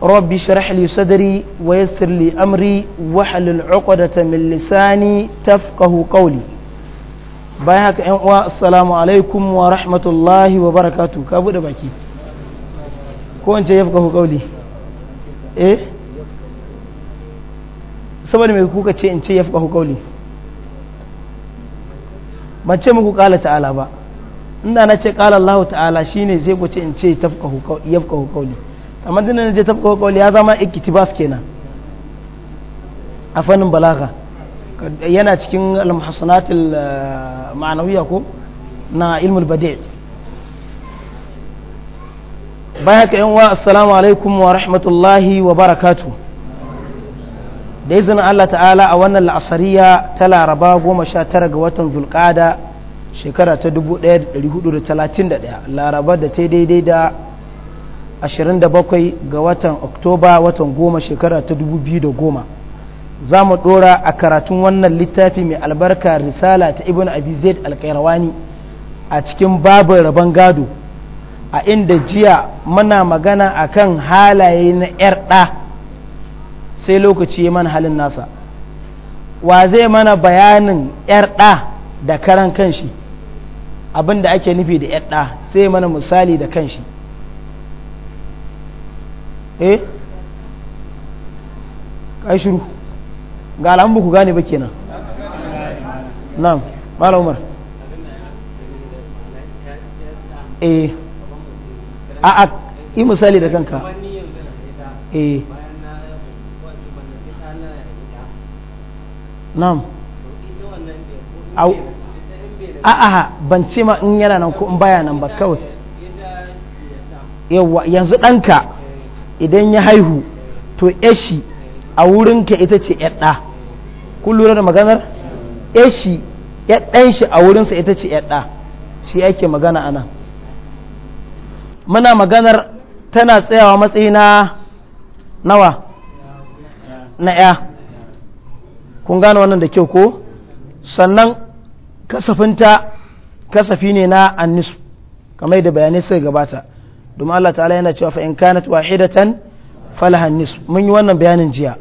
rabbi sharh li sadri wa yassir li amri wa halil uqdata min lisani tafqahu qawli bayan haka ƴan uwa assalamu alaikum wa rahmatullahi wa barakatuh ka baki ko an ce yafqahu qawli eh? kuka ce in ce yafqahu qawli ban ce muku qala ta'ala ba inda na ce qala ta'ala shine sai ku in ce tafqahu yafqahu amma dina je ta kokoli ya zama bas kenan a fannin balaga yana cikin al-muhassanatil eh, ma'anawiyya ko na ilmul badi' bayan ka yan wa assalamu alaikum wa rahmatullahi wa barakatu da Allah ta'ala a wannan la'asariya ta laraba goma sha tara ga watan zulkada shekara ta 1431 laraba da ta daidai da 27 ga watan oktoba watan goma shekara ta 2010 za mu dora a karatun wannan littafi mai albarka risala ta ibn abi zaid alkairawani a cikin babin rabon gado a inda jiya muna magana akan halaye na 'yar ɗa sai lokaci ya mana halin nasa wa zai mana bayanin 'yar ɗa da karan kanshi abin da ake nufi da 'yar ɗa sai mana misali da kanshi eh kai shiru ga alamun ku gane ba nan nan mara umar eh a a yi misali da kanka eh nan a a ban ce ma in yana nan ko in baya nan ba kawai yanzu ɗanka idan ya haihu to yashi a wurinka ita ce yadda kun da maganar yashi yaddan shi a wurinsa ita ce yadda shi ake magana anan muna maganar tana tsayawa matsayi na nawa na ya kun gane wannan da kyau ko sannan kasafinta kasafi ne na annisu kamar da bayanai sai gabata domin Allah ta'ala yana cewa fa in kanat wahidatan falaha nisf mun yi wannan bayanin jiya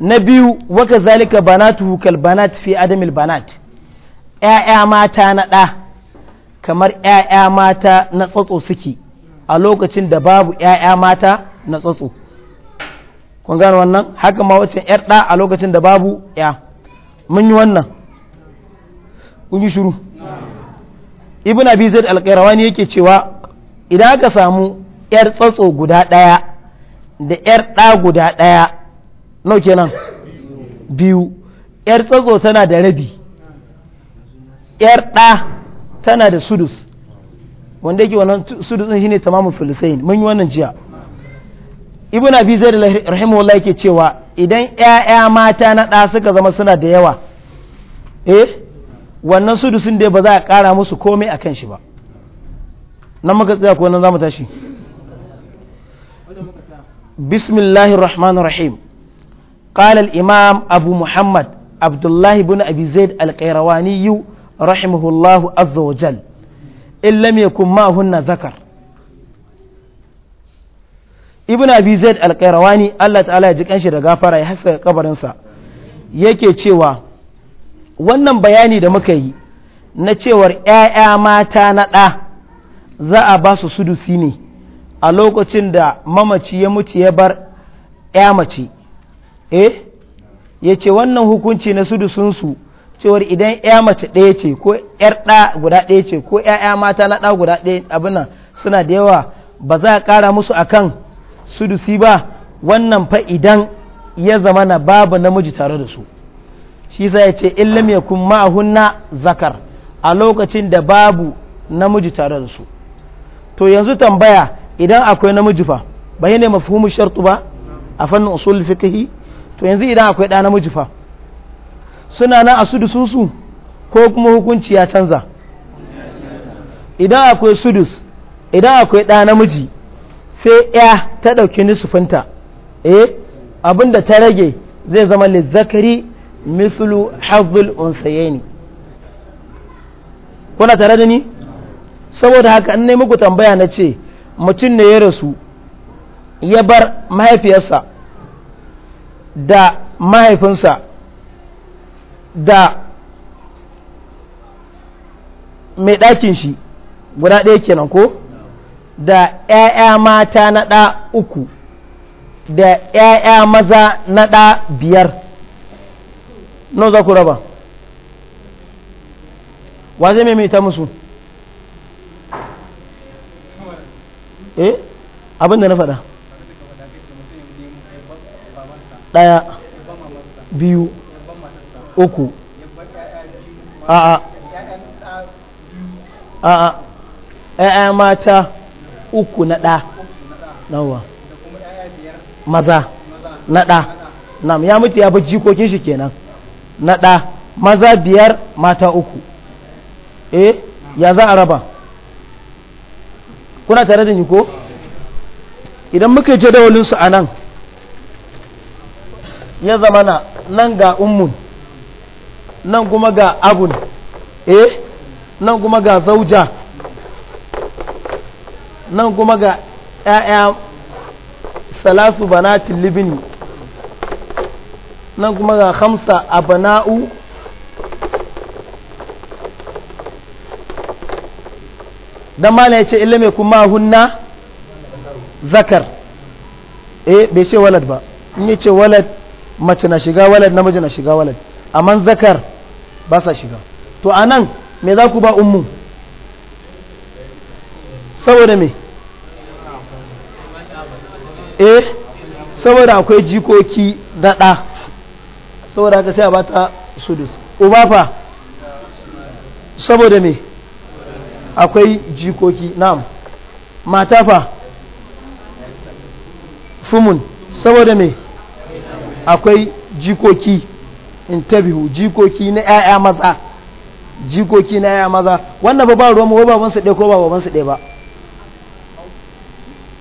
na biyu wa kazalika banatu kal banat fi adamil banat ƴaƴa mata na ɗa kamar ƴaƴa mata na tsotso suke a lokacin da babu ƴaƴa mata na tsotso. kun gane wannan haka ma wacce ƴar ɗa a lokacin da babu ƴa mun yi wannan kun yi shiru ibn abi zaid al-qayrawani yake cewa idan aka samu 'yar tsatso guda ɗaya da 'yar ɗa guda ɗaya nau kenan biyu 'yar tsatso tana da rabi 'yar ɗa tana da sudus wanda yake wannan sudus ɗin shine tamamin filisain mun yi wannan jiya zai da zaid rahimahullah yake cewa idan 'ya'ya mata na ɗa suka zama suna da yawa eh wannan sudusin da ba za a ƙara musu komai a kan shi ba nan maka tsaya ko nan za mu tashi bismillahirrahmanirrahim ƙalal imam abu muhammad abdullahi bin abi zaid alƙairawani yi rahimahullahu azza wa jal illam yakun ma hunna zakar ibn abi zaid alƙairawani allah ta'ala ya ji kanshi da gafara ya haska kabarinsa yake cewa wannan bayani da muka yi na cewar 'ya'ya mata na ɗa' za a ba su sudusi ne a lokacin da mamaci ya mutu ya bar ya mace eh ya ce wannan hukunci na sudusunsu cewar idan ya mace ɗaya ce ko yar ɗa guda ɗaya ce ko ya'ya mata na ɗa guda ɗaya abinan suna da yawa ba za a ƙara musu akan sudusi ba wannan fa idan ya zama na babu namiji tare da su shi sa ya ce illam yakun ma'ahunna zakar a lokacin da babu namiji tare da su to yanzu tambaya idan akwai namiji fa ba yana mafhumu shartu ba a fannin usul fiqhi to yanzu idan akwai da namiji fa suna nan a sudu susu ko kuma hukunci ya canza idan akwai sudus idan akwai ɗa namiji sai ya ta ɗauki nisufinta eh abinda ta rage zai zama lizzakari mithlu hazzul unsayaini kuna tare da ni saboda haka an nemi ku tambaya na ce mutum ne ya rasu ya bar mahaifiyarsa da mahaifinsa da mai ɗakin shi guda ɗaya kenan ko da ‘ya'ya mata na ɗa uku da ‘ya'ya maza na ɗa biyar nan za ku raba wa zai maimaita musu eh abin na fada daya biyu uku a'a a'a ‘ya'ya mata uku na ɗa nawa maza na ɗa nam ya mutu ya bi jikokin shi kenan na ɗa maza biyar mata uku eh ya za a raba kuna tare da ni ko idan muka jadawalin su a nan ya zama na nan ga ummun nan kuma ga abun eh nan kuma ga zauja nan kuma ga ‘ya'ya salasu banatin libini nan kuma ga hamsa a bana'u dan malam ya ce illa mai kuma hunna zakar eh bai ce walad ba in ya ce walad mace na shiga walad namiji na shiga walad amma zakar ba sa shiga to anan me za ku ba ummu saboda me eh saboda akwai jikoki daɗa saboda ka sai a bata sudus uba fa saboda me akwai jikoki na'am mata fa fumun saboda me akwai jikoki intabihu jikoki na 'ya'ya maza jikoki na 'ya'ya maza wannan ba ba ruwan ba baban su ɗaya ko baban su ɗaya ba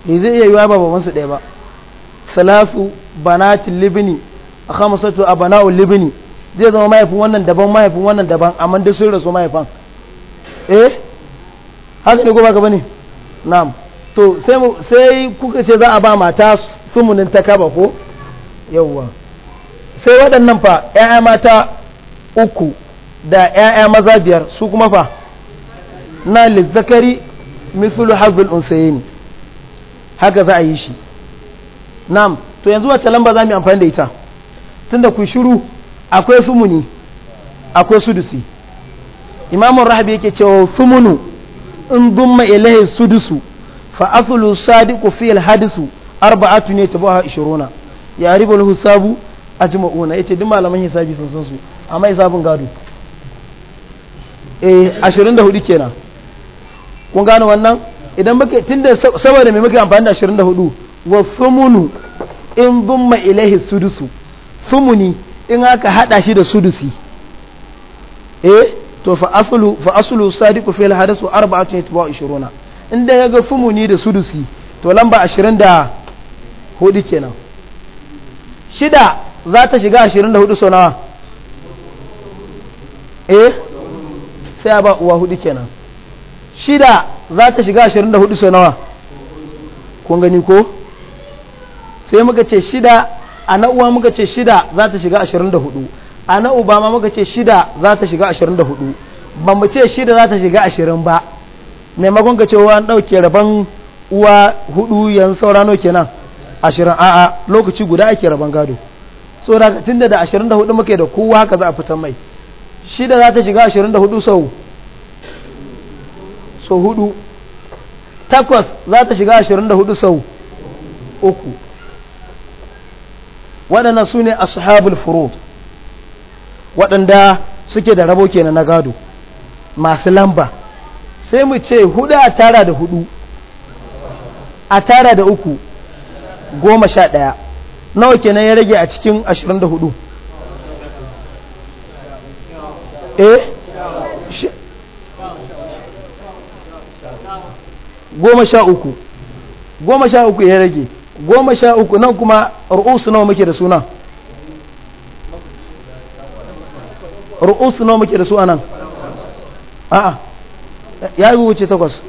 ne zai iya yiwa baban su ɗaya ba salasu banatin libni a khamasatu abana'u libni zai zama mahaifin wannan daban mahaifin wannan daban amma da sun rasu mahaifan eh haka ne ba gaba ne na'am to sai kuka ce za a ba mata sumunin ta kaba ko yawwa sai waɗannan fa ƴaƴa mata uku da ƴaƴa maza biyar su kuma fa na lizzakari mithlu hazul unsayni haka za a yi shi na'am to yanzu wacce lamba za mu amfani da ita tunda ku shiru akwai sumuni akwai sudusi imamun rahabi yake cewa sumunu in dumma ilahi sudusu fa aflu sadiqu fi al hadisu arba'atu ne tabaha 20 ya ribul hisabu ajma'una yace duk malaman hisabi sun san su amma hisabun gado eh 24 kenan kun gane wannan idan muke tunda saboda me muke amfani da 24 wa thumunu in dumma ilahi sudusu thumuni in aka hada shi da sudusi eh to fa aslu fa aslu sadiqu fil hadath wa arba'atun yatba'u 20 inda yaga fumuni da sudusi to lamba 24 kenan shida za ta shiga 24 sau nawa eh sai ba uwa hudu kenan shida za ta shiga 24 sau nawa kun gani ko sai muka ce shida a na uwa muka ce shida za ta shiga 24 a na uba ma muka ce shida za ta shiga ashirin da hudu ba mu ce shida za ta shiga ashirin ba maimakon ka ce wa ɗauke rabon uwa hudu yanzu saurano kenan ashirin a'a lokaci guda ake rabon gado so da tunda da ashirin da hudu muke da kowa haka za a fitar mai shida za ta shiga ashirin da hudu sau sau hudu takwas za ta shiga ashirin da hudu sau uku waɗannan su ne ashabul furud waɗanda suke da rabo kenan na gado masu lamba sai mu ce hudu a tara da hudu a tara da uku goma sha ɗaya nawa kenan ya rage a cikin ashirin da hudu eh goma sha uku goma sha uku ya rage goma sha uku nan kuma ru'usu nawa muke da suna ru'us nawa muke da su anan a'a ya yi wuce takwas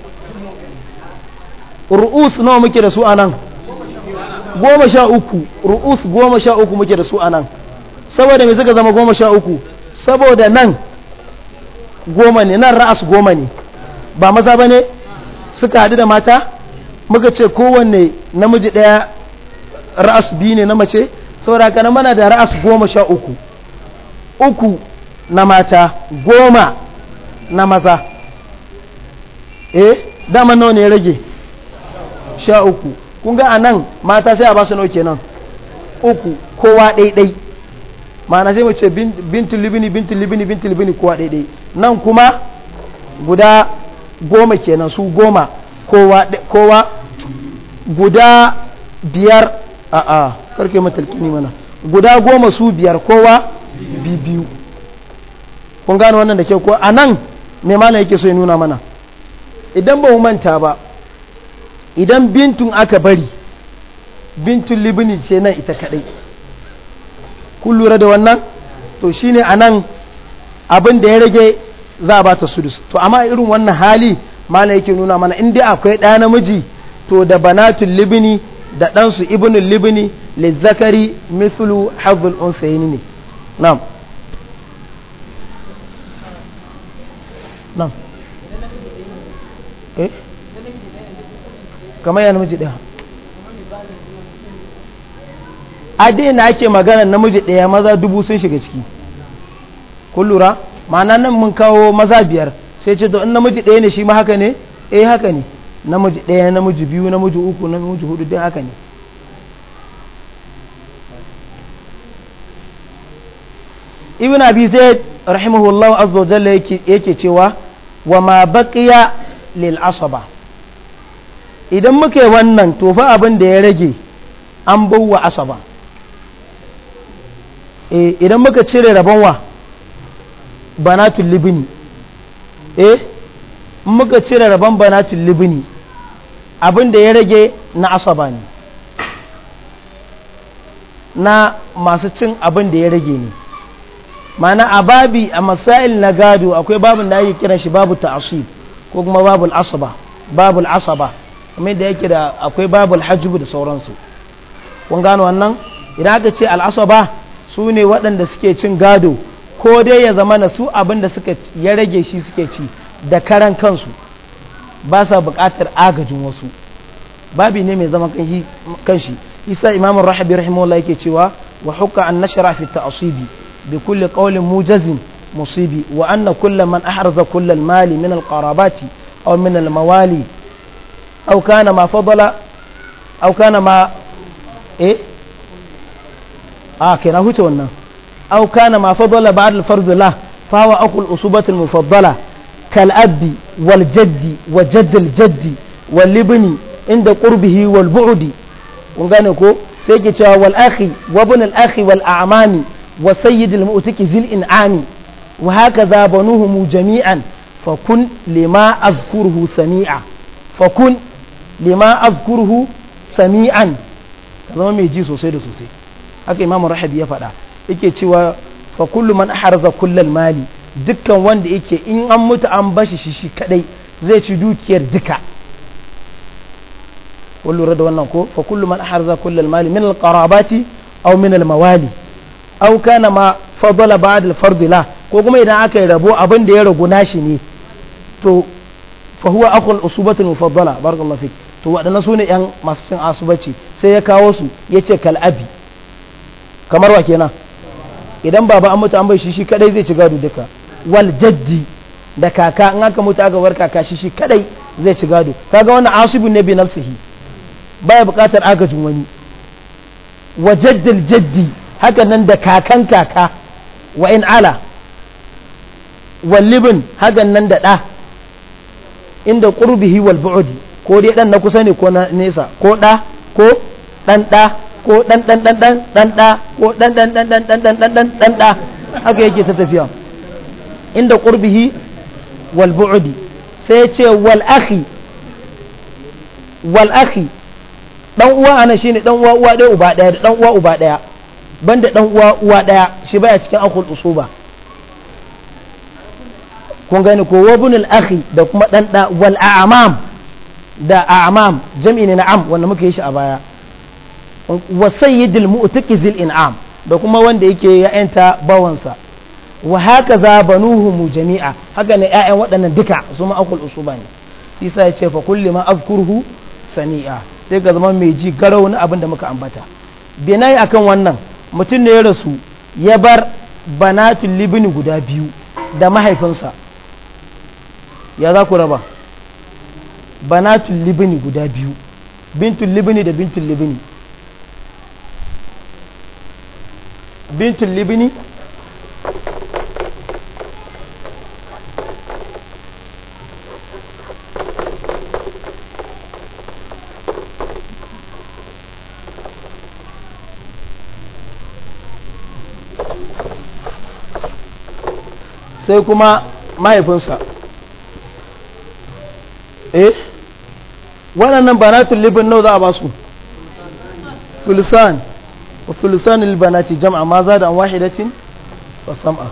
ru'us nawa muke da su anan goma sha uku ru'us goma sha uku muke da su anan saboda mai suka zama goma sha uku saboda nan goma ne nan ra'as goma ne ba maza ba ne suka haɗu da mata muka ce kowanne namiji ɗaya ra'as biyu ne na mace saboda haka mana da ra'as goma sha uku uku na mata goma na maza eh dama nawa ne rage sha uku kun ga a nan mata sai a ba su nawa kenan uku kowa ɗaiɗai ma'ana sai mace bintu libini bintu libini bintu libini kowa ɗaiɗai nan kuma guda goma kenan su goma kowa kowa guda biyar a a karke matalkini mana guda goma su biyar kowa bibiyu. kun gane wannan da ke ko a nan me mana yake so ya nuna mana idan ba manta ba idan bintun aka bari bintun libini ce nan ita kadai kun lura da wannan to shi ne a nan abin da ya rage za a ba ta sudus to amma irin wannan hali mana yake nuna mana in dai akwai ɗaya namiji to da banatun libini da ɗansu ibinin libini lizzakari mithlu hazul unsayini ne na'am nan eh kamar ya namiji ɗaya a dai na ake magana namiji ɗaya maza dubu sun shiga ciki kullura ma'ana nan mun kawo maza biyar sai ce to in namiji ɗaya ne shi ma haka ne eh haka ne namiji ɗaya namiji biyu namiji uku namiji hudu dai haka ne ibn abi zaid rahimahullahu azza wa jalla yake cewa wa ma baqiya lil asaba idan muke wannan to fa abin da ya rage an bawa asaba eh idan muka cire rabon wa banatul libni eh muka cire rabon banatul libni abin da ya rage na asaba ne na masu cin abin da ya rage ne mana a babi a masail na gado akwai babin da ake kiran shi babu ta'asib ko kuma babul asaba babul asaba kamar da yake da akwai babul hajjubu da sauransu kun gano wannan idan aka ce asaba su ne waɗanda suke cin gado ko dai ya zama na su abin da suka ya rage shi suke ci da karan kansu ba sa buƙatar agajin wasu babi ne mai zama kanshi isa imamun rahabi rahimahullah yake cewa wa hukka an nashara fi ta'asibi بكل قول موجز مصيب وأن كل من أحرز كل المال من القرابات أو من الموالي أو كان ما فضل أو كان ما إيه آه كنا هو أو كان ما فضل بعد الفرض له فهو أقل الأصوبة المفضلة كالأب والجد وجد الجد والابن عند قربه والبعد ونقول سيكتها والأخي وابن الأخي والأعماني wa sayyidil mu'tiki zil in'ami wa hakaza banuhum jami'an fa kun lima azkuruhu sami'a fa kun lima azkuruhu sami'an ka zama mai sosai da sosai haka imam rahabi ya faɗa yake cewa fa kullu ake harza kullal mali dukkan wanda in an mutu an bashi shi shi kadai zai ci dukiyar duka kun lura da wannan ko fa kullu man harza kullal mali min al qarabati aw min al mawali auka na ma fadala ba da fard ko kuma idan aka yi rabo abin da ya ragu nashi ne to fa huwa akul usubati mufaddala barakallahu fik to wadannan sune yan masu cin asubaci sai ya kawo su yace kal abi kamar wa kenan idan baba an mutu an bai shi shi kadai zai ci gado duka wal jaddi da kaka in aka mutu aka bar kaka shi shi kadai zai ci gado kaga wannan asubun ne bi nafsihi baya bukatar agajin wani wa jaddal jaddi haka nan da kakan kaka wa in ala wallibin hakan nan da ɗa inda ƙurbihi wal bu'udi ko dai ɗan na kusa ne ko na nesa ko ɗa ko ɗan ɗa ko ɗan ɗan ɗan ɗan ɗan ɗa ko ɗan ɗan ɗan ɗan ɗan ɗan ɗan ɗan ɗan ɗa haka yake ta tafiya inda ƙurbihi wal bu'udi sai ce wal akhi wal akhi dan uwa ana shine dan uwa uwa ɗaya uba ɗaya dan uwa uba ɗaya banda dan uwa uwa daya shi baya cikin akul usuba kun gani ko wabunul akhi da kuma dan da wal a'mam da a'mam jam'i ne na'am wanda muka yi shi a baya wa sayyidul mu'takizil in'am da kuma wanda yake ya yanta bawansa wa haka za mu jami'a haka ne ƴaƴan waɗannan duka su ma akul usuba ne isa ya ce fa kulli ma afkurhu sani'a sai ga zama mai ji garau na abin da muka ambata binai akan wannan mutum ne ya rasu ya bar banatun libini guda biyu da mahaifinsa ya za ku raba banatun libini guda biyu bintun libini da bintun libini bintun libini sai kuma mahaifinsa eh waɗannan banatun libin nau za a ba su fulsan wa na libanati jama'a ma za da an wahidatin wa sam'a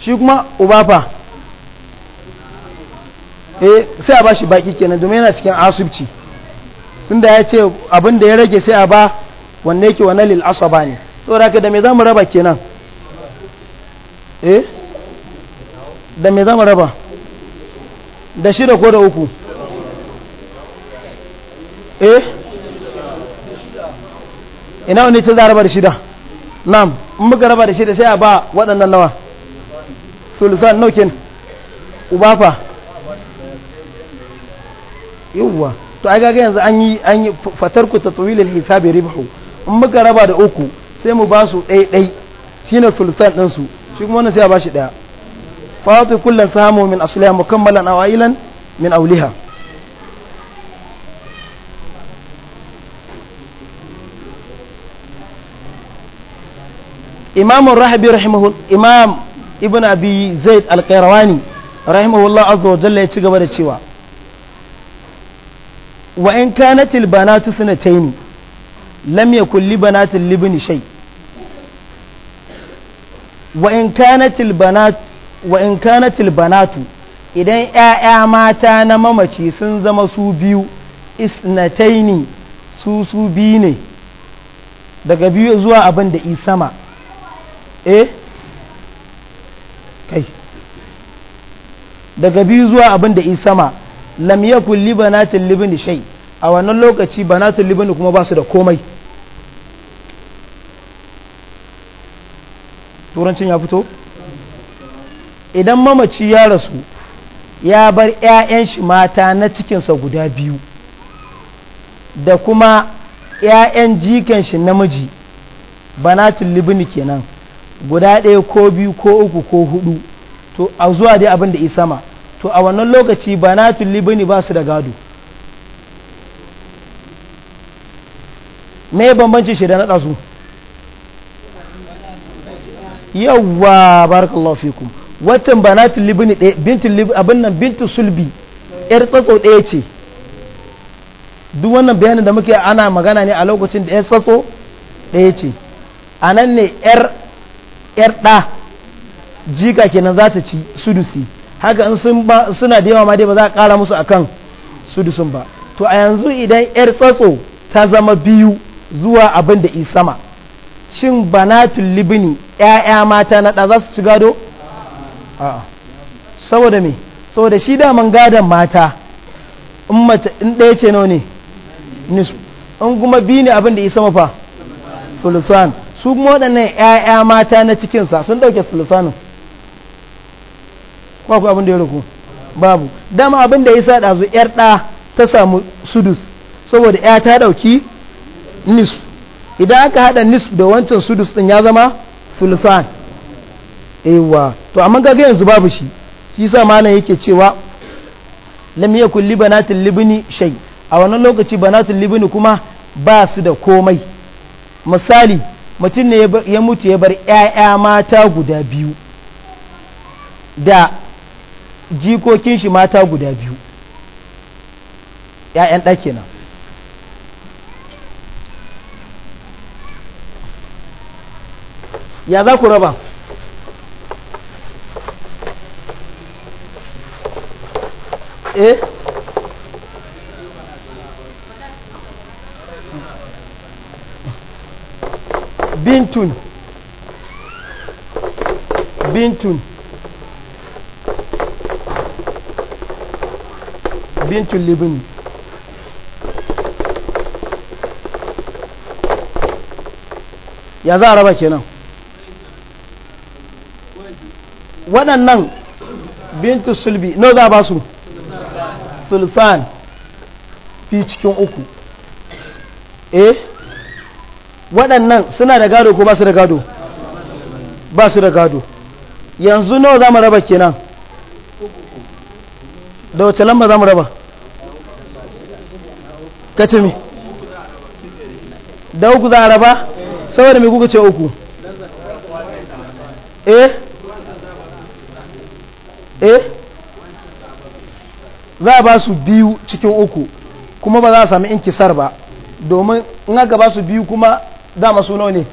shi kuma ubafa eh sai a ba shi baki kenan domin yana cikin asubci da ya ce abin da ya rage sai a ba wanne ke wane lil asaba ne saboda haka da me za mu raba kenan eh da me za mu raba da shida ko da uku eh ina wani ce za a raba da shida nam in muka raba da shida sai a ba waɗannan nawa sulusan naukin ubafa yawwa to ai gaga yanzu an yi an yi fatarku ta tsawilil hisabi ribhu in muka raba da uku sai mu ba su ɗaiɗai ɗai shine sulusan ɗinsu shi kuma wannan sai a bashi daya fatu kullum samu min asliha mukammalan a ailan min awliha imam rahabi rahimahu imam ibn abi zaid al rahimahullah azza wa jalla ya ci gaba da cewa wa in kanatil banatu sanatayn lam yakul kulli banatil libni shay' wa in kanatil banatu idan ‘ya'ya mata na mamaci sun zama su biyu isnataini su su biyu ne daga biyu zuwa abin da isama eh kai daga biyu zuwa abin da isama lam yakun libanatin libin shai a wannan lokaci banatin libin kuma ba su da komai turancin ya fito idan mamaci ya rasu ya bar 'ya'yan shi mata na cikinsa guda biyu da kuma 'ya'yan jikan shi namiji banatin libini kenan guda ɗaya ko biyu ko uku ko hudu to a zuwa dai abin da isama to a wannan lokaci banatin libini ba su da gado me bambancin shi da na ɗazu yawwa barakallahu fikum waccan banatul libni bintul lib abin nan bintul sulbi yar tsatso ɗaya ce duk wannan bayanin da muke ana magana ne a lokacin da yar tsatso ɗaya ce anan nan ne yar yar ɗa jika kenan za ta ci sudusi haka in suna da yawa ma dai ba za a kara musu akan sudusin ba to a yanzu idan yar tsatso ta zama biyu zuwa abin da isama sama shin banatul libini ƴaƴa mata na ɗa za su ci gado a'a saboda me saboda shi daman gadon mata in mace in ɗaya ce nawa ne nisu in kuma biyu ne abin da isa mafa sulusan su kuma waɗannan ƴaƴa mata na cikinsa sun ɗauke sulusanin ba ku abin da ya ruku babu dama abin da isa ɗazu ƴar ɗa ta samu sudus saboda ƴa ta ɗauki nisu idan aka hada nisf da wancan sudus din ya zama sulfan ewa to amma kaga yanzu babu shi shi sa malam yake cewa lam yakul li libini shai a wannan lokaci banatil libni kuma ba su da komai misali mutum ne ya mutu ya bar 'ya'ya mata guda biyu da jikokin shi mata guda biyu 'ya'yan ɗake nan ya za ku raba eh bintun bintun bintun libin ya za a raba kenan waɗannan bintu sulbi no za ba su sulfan fi cikin uku eh waɗannan suna da gado ko ba su da gado ba su da gado yanzu nawa za mu raba kenan da wace lamba za mu raba kace mi da uku za a raba saboda mai kuka ce uku eh eh za a ba su biyu cikin uku kuma ba za a sami inkisar ba domin in aka ba su biyu kuma dama su ne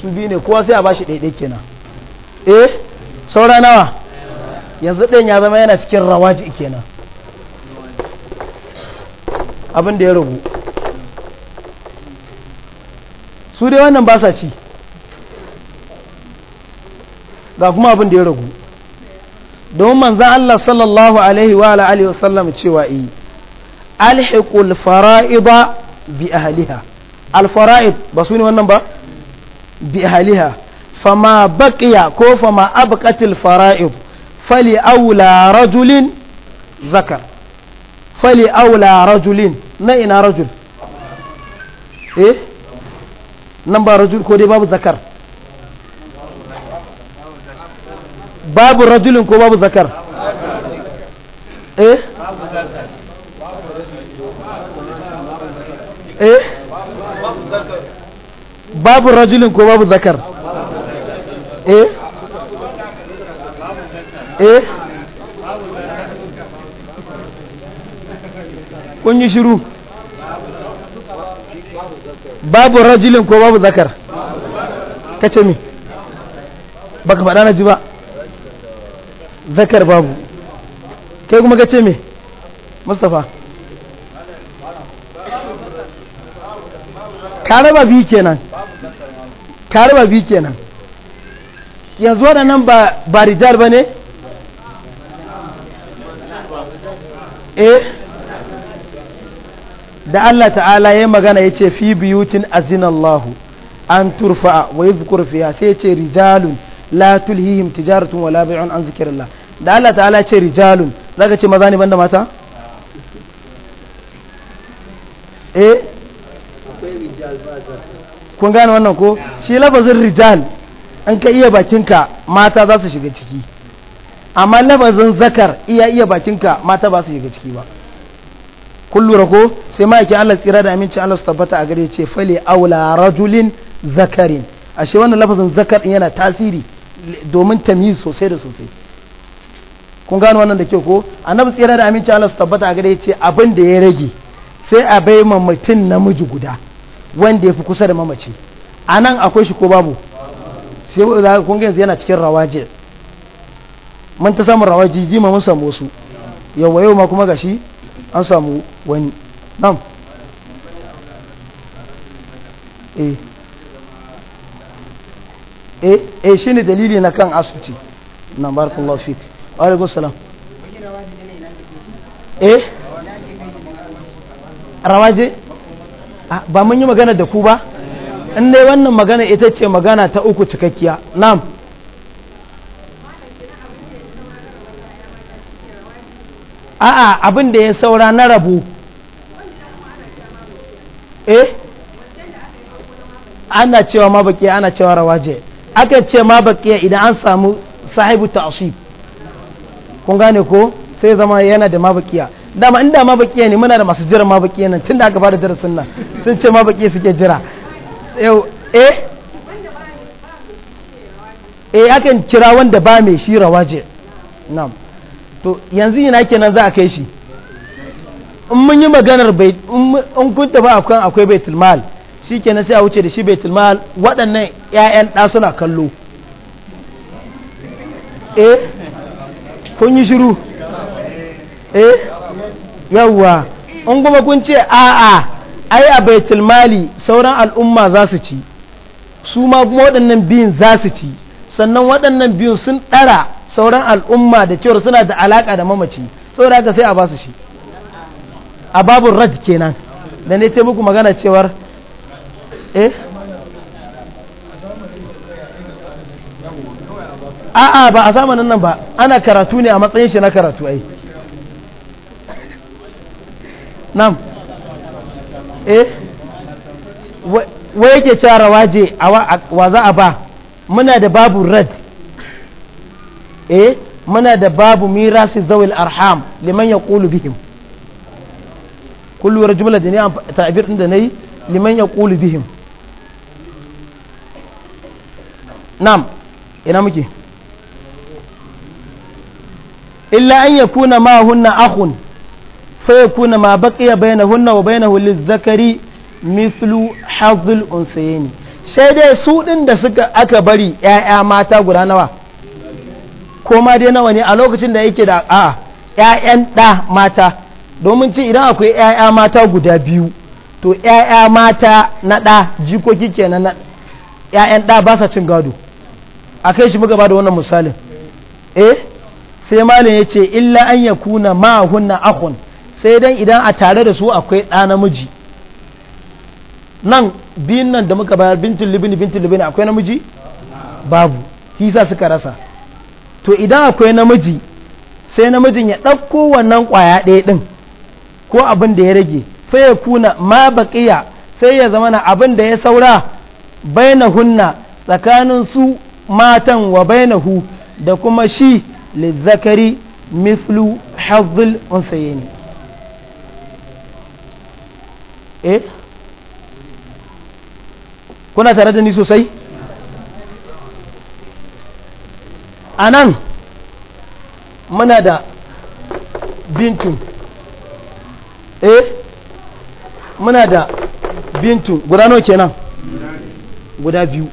su biyu ne kowa sai a ba shi ke kenan eh saura nawa yanzu ɗin ya zama yana cikin rawaji kenan abin da ya ragu su dai wannan ba sa ci ga kuma abin da ya ragu don manzan Allah sallallahu alaihi wa alihi wasallam cewa yi eh, alhiqul fara'ida bi ahliha alfara'id ba su ne wannan ba bi ahliha fama baqiya ko fama abqatil fara'id fali aula rajulin zakar fali aula rajulin na ina rajul eh nan ba rajul ko dai babu zakar babu rajulin ko babu zakar eh eh babu rajulin ko babu zakar eh eh kun yi shiru babu rajulin ko babu zakar kace mi baka faɗa na ji ba zakar babu kai kuma ka ce me mustafa ka bi biyu kenan karaba bi kenan yanzu waɗannan ba ba rijal ba ne eh da Allah ta'ala ya magana ya ce fi biyutin azinallahu an turfa wa yi fiya sai ya ce rijalun la tulhihim tijaratun wala bai'un an zikrillah da Allah ta'ala ce rijalun zaka ce maza ne banda mata eh kun gane wannan ko shi lafazin rijal an ka iya bakinka mata za su shiga ciki amma lafazin zakar iya iya bakinka mata ba su shiga ciki ba kun lura ko sai ma'aikin Allah tsira da amincin Allah su tabbata a gare ce fali aula rajulin zakarin ashe wannan lafazin zakar yana tasiri domin tamyiz sosai da sosai kun gano wannan da ke ko annabi tsira da aminci Allah su tabbata a gare ce abin da ya rage sai a bai ma mutum namiji guda wanda ya fi kusa da mamaci a nan akwai shi ko babu sai kun yanzu yana cikin rawaje mun ta samu rawaji jima mun samu wasu yawa yau ma kuma gashi an samu wani nam eh. e eh, eh, shi ne dalili na kan asibiti na barakallahu fik alaikum salam e rawaje ah, ba mun yi magana da ku ba in dai wannan magana ita ce magana ta uku cikakkiya na'am a'a abin da ya saura na rabu eh ana cewa mabaki ana cewa rawaje aka ce ma baqiya idan an samu sahibu ta'sib kun gane ko sai zama yana da ma dama inda ma baqiya ne muna da masu jira ma baqiya nan tunda aka fara darasin nan sun ce ma suke jira yau eh eh akan kira wanda ba mai shi rawaje nam to yanzu yana kenan za a kai shi in mun yi maganar bai in kun ba akwai akwai baitul mal shi kenan sai a wuce da shi baitul mal waɗannan 'ya'yan ɗa suna kallo eh kun yi shiru eh yawwa in kuma kun ce a'a ai a baitul mali sauran al'umma za su ci su ma kuma waɗannan biyun za su ci sannan waɗannan biyun sun ɗara sauran al'umma da cewar suna da alaƙa da mamaci saboda haka sai a ba su shi a babun rad kenan da ne ta muku magana cewar eh a'a ba a zamanin nan ba ana karatu ne a matsayin shi na karatu ai nam eh wai yake cewa rawaje wa za a ba muna da babu rad eh muna da babu mirasi zawil arham liman ya ƙulu bihim kullum jumla da ni a ta'abir ɗin da na yi liman ya ƙulu bihim nam ina muke illa an yakuna ma hunna ahun fa kuna ma baqiya bainahunna wa bainahu lizzakari mithlu hadhil unsayni sai dai su ɗin da suka aka bari ƴaƴa mata guda nawa ko ma dai nawa ne a lokacin da yake da a yayan da mata domin ci idan akwai yaya mata guda biyu to yaya mata na ɗa jikoki kenan na ƴaƴan da ba sa cin gado a kai shi muka ba da wannan misalin eh sai malin ya ce illa an ya kuna hunna akun sai dan idan a tare da su akwai ɗa namiji nan biyun nan da muka bayar bintin libini bintin libini akwai namiji babu kisa suka rasa to idan akwai namiji sai namijin ya ɗauko wannan ƙwaya ɗaya ɗin ko abin da ya rage sai ya kuna ma baƙiya sai ya zama na abin da ya saura bai na hunna tsakanin su matan wa bainahu da kuma shi lizzakari mithlu hazzul unsayeni eh kuna tare da ni sosai a nan muna da Bintu eh muna da bintu guda nawa kenan guda biyu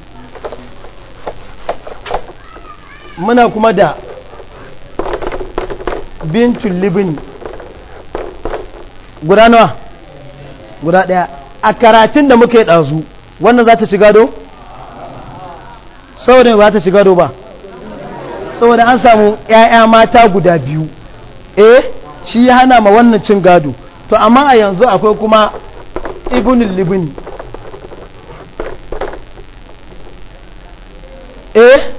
muna kuma da bintu libin guda nawa guda daya a karatun da muka yi ɗazu wannan za ta shiga do? saboda ba ta shiga do ba saboda an samu 'ya'ya mata guda biyu eh shi ya hana ma wannan cin gado to amma a yanzu akwai kuma ibn libini eh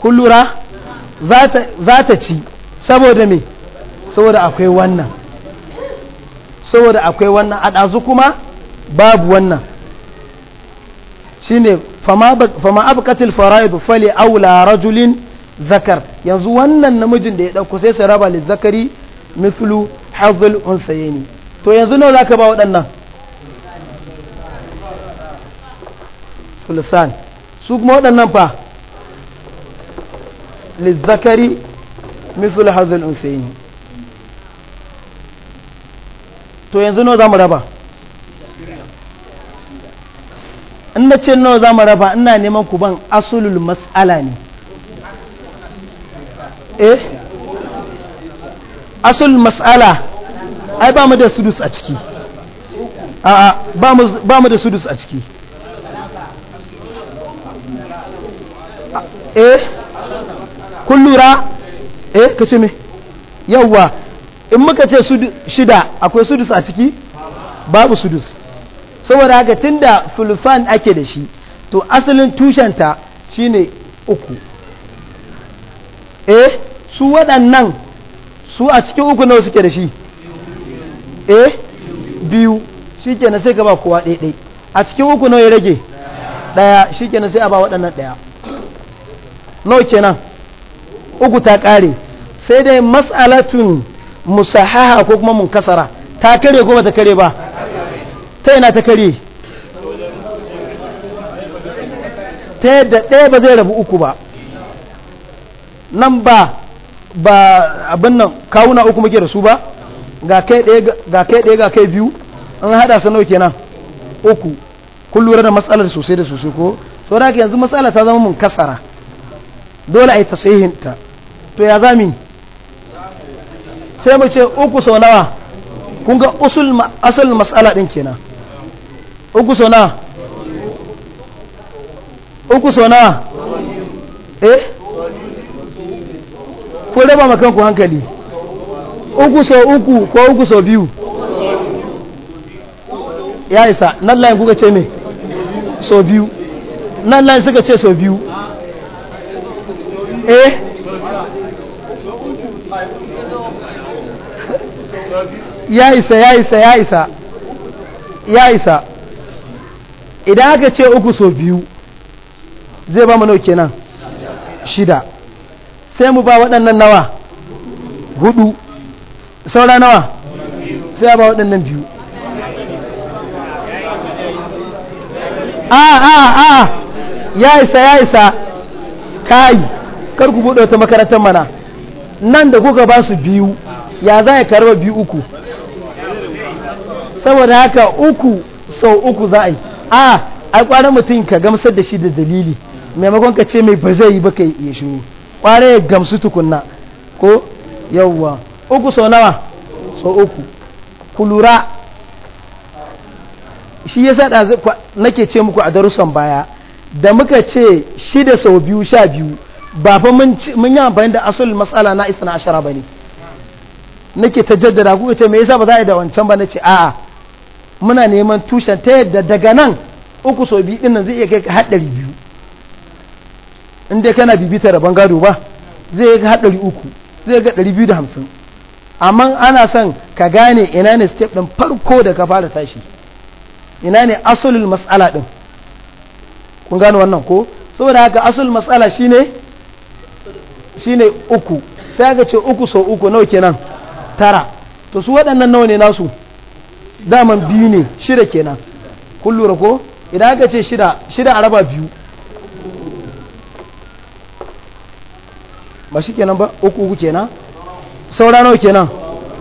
kun lura za ta ci saboda me saboda akwai wannan saboda akwai wannan a ɗazu kuma babu wannan shi ne fama abkatil fara'idu fali aula rajulin zakar yanzu wannan namijin da ya ɗauku sai sai raba li zakari mithlu hazul unsayeni to yanzu nawa ka ba waɗannan sulusan su kuma waɗannan fa zakari مثل هذا الأنسين to yanzu nawa za mu raba in na ce nawa za mu raba ina neman ku ban asulul ne eh asulul ai ba mu da sudus a ciki a'a ba mu da sudus a ciki kun lura eh ka ce me yawwa in muka ce shida akwai sudus a ciki babu sudus saboda haka tunda fulfan ake da shi to asalin tushenta shine uku eh su waɗannan su a cikin uku nawa suke da shi eh biyu shi kenan sai gaba kowa ɗaiɗai a cikin uku nawa ya rage ɗaya shi kenan sai a ba waɗannan ɗaya nawa kenan uku ta ƙare sai dai matsalatun musahaha ko kuma mun kasara ta kare ko ta kare ba ta yana ta kare ta yadda ɗaya ba zai rabu uku ba nan ba ba abin nan kawuna uku muke da su ba ga kai ɗaya ga kai biyu an haɗa sanau kenan uku kun lura da matsalar sosai da sosai ko sau haka yanzu matsala ta zama mun kasara dole a yi tasihinta to ya zami sai mu ce uku sau nawa kun ga asal mas'ala din kenan uku sau nawa uku sau nawa eh ko raba makanku hankali uku sau uku ko uku sau biyu ya isa nan layin kuka ce ne sau biyu nan layin suka ce sau biyu eh ya isa ya isa ya isa ya isa idan aka ce uku so biyu zai ba mana kenan shida sai mu ba waɗannan nawa hudu saura nawa sai ba waɗannan biyu a ah, a ah, a ah. ya isa ya isa kai kar ku buɗe wata makarantar mana nan da kuka ba su biyu ya za a karba biyu uku saboda haka uku sau uku za a yi a a kwanan mutum ka gamsar da shi da dalili maimakon ka ce mai ba zai yi ba ka yi shi ya gamsu tukunna ko yawwa uku sau nawa sau uku ku lura shi na nake ce muku a darussan baya da muka ce shida sau biyu sha biyu ba fa mun yi amfani da asalin matsala na isa na ashara ba ne nake ta jaddada kuka ce me yasa ba za a yi da wancan ba nace a'a muna neman tushen ta yadda daga nan uku so biyu din nan zai iya kai haɗari biyu in dai kana bibita rabon gado ba zai iya haɗari uku zai ga ɗari biyu da hamsin amma ana son ka gane ina ne step ɗin farko da ka fara tashi ina ne asulul mas'ala ɗin kun gane wannan ko saboda haka asul mas'ala shine shine uku sai ka ce uku so uku nawa kenan tara to su waɗannan nawa ne nasu daman biyu ne shida kenan kun lura ko idan aka ce shida shida a raba biyu ba shi kenan ba uku uku kenan saura nawa kenan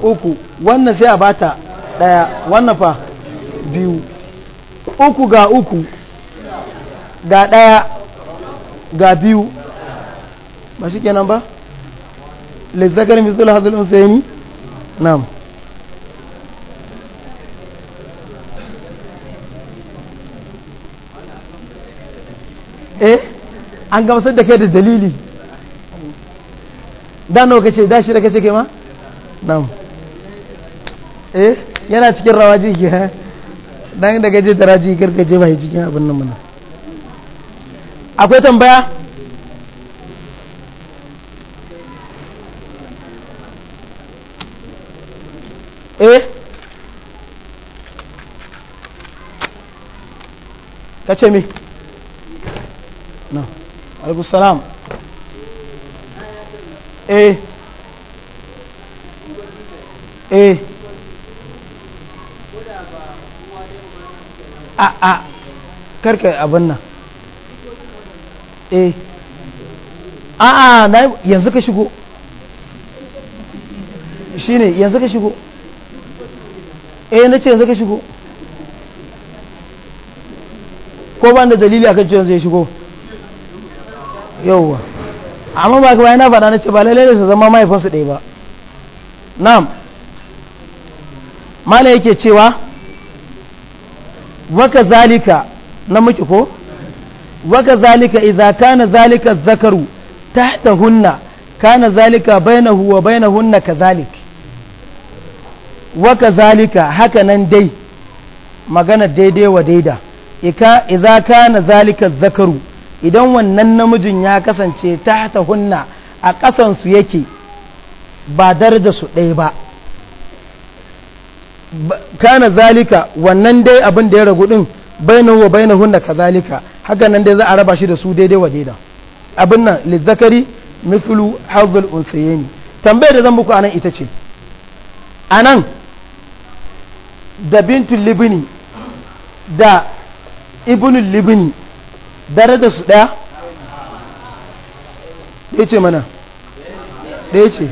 uku wannan sai a bata ɗaya wannan fa biyu uku ga uku ga ɗaya ga biyu ba shi kenan ba lizzakar hazulun sai ni. نعم eh an gamsar da kai da dalili da nawa kace da shi da kace ke ma na'am eh yana cikin rawaji ke ha dan da gaje da raji gargaje ba cikin abin nan mana akwai tambaya eh ka ce mi. na salam. eh eh a a karka abin nan eh a a yanzu ka shigo Shi ne yanzu ka shigo eh na ce yanzu ka shigo ko ban da dalili akan ce yanzu ya shigo yauwa amma ba ka bayan na faɗa na ce ba lalai da su zama mahaifinsu ɗaya ba na'am mana yake cewa waka zalika na muke ko waka zalika idza kana zalika zakaru ta hata hunna kana zalika bayanahu wa ka zalik waka zalika haka nan dai magana daidai wa daida idza kana zalika zakaru idan wannan namijin ya kasance ta ta hunna a su yake ba daraja su ɗaya ba kana zalika wannan dai abin da ya ragu din bainu wa hunna kazalika haka nan dai za a raba shi da su daidai wa daida abin nan zakari mithlu hadhul unsayni tambayar da zan muku anan ita ce anan da bintun libini da ibinin libini dare da su ɗaya? ɗaya ce mana ɗaya ce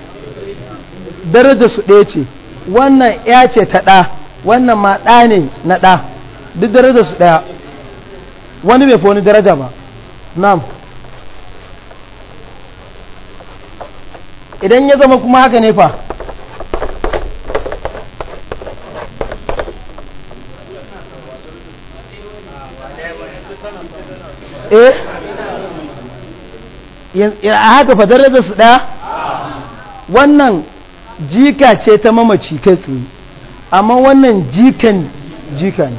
daraja su ɗaya ce wannan ya ce ta ɗa wannan ma ɗa ne na ɗa duk daraja su ɗaya wani bai fi wani daraja ba nam idan ya zama kuma haka ne fa Eh? a haka fadar da su ɗaya wannan jika ce ta mamaci kai tsaye amma wannan jikan jika ne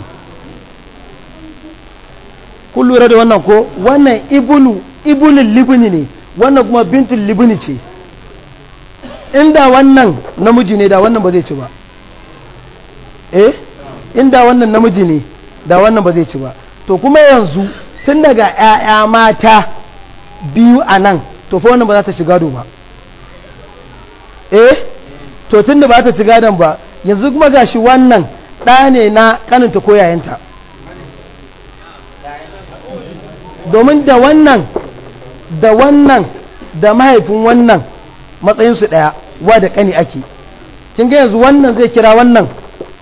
kun lura da wannan ko wannan ibulun ibulin libini ne wannan kuma bintin libini ce inda wannan namiji ne da wannan ba zai ci ba eh inda wannan namiji ne da wannan ba zai ci ba to kuma yanzu tun daga 'ya'ya mata biyu a nan to fa wannan ba za ta ci gado ba eh to tun da ba ta ci gadon ba yanzu kuma gashi wannan ɗa ne na kaninta ko yayanta domin da wannan da wannan da mahaifin wannan matsayinsu ɗaya wa da ƙani ake kin ga yanzu wannan zai kira wannan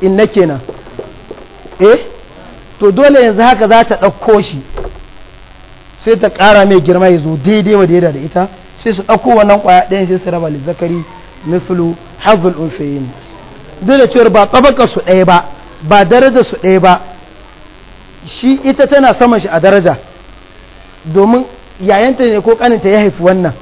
inna kenan eh to dole yanzu haka za ta ɗauko shi sai ta ƙara mai girma ya zo daidai wa daidai da ita sai su ɗauko wannan ƙwaya ɗaya sai su raba lizakari mithlu hazul unsayin duk da cewar ba tabaka su ɗaya ba ba daraja su ɗaya ba shi ita tana saman shi a daraja domin yayanta ne ko ƙaninta ya haifi wannan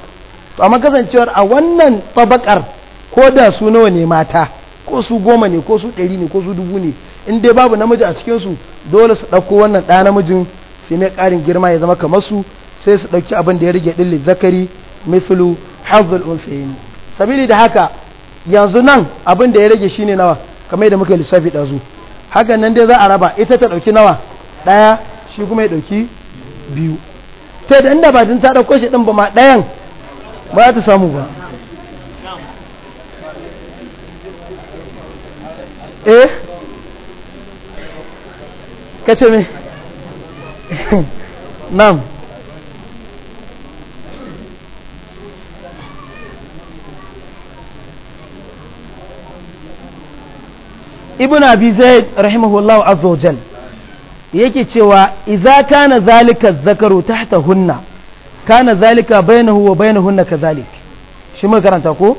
to amma kasancewar a wannan tabakar ko da su nawa ne mata ko su goma ne ko su ɗari ne ko su dubu ne in dai babu namiji a cikinsu dole su ɗauko wannan ɗa namijin sai mai ƙarin girma ya zama kamar su sai su ɗauki abin da ya rage ɗin zakari mithlu hazzul unsayin sabili da haka yanzu nan abin da ya rage shine nawa kamar yadda muka lissafi ɗazu hakan nan dai za a raba ita ta ɗauki nawa ɗaya shi kuma ya ɗauki biyu ta da inda ba din ta ɗauko shi ɗin ba ma ɗayan ba za ta samu ba eh kace me نعم ibn abi zaid yake cewa idza kana zalika zakaru tahta hunna kana zalika bainahu wa bainahunna kadhalik shi mun karanta ko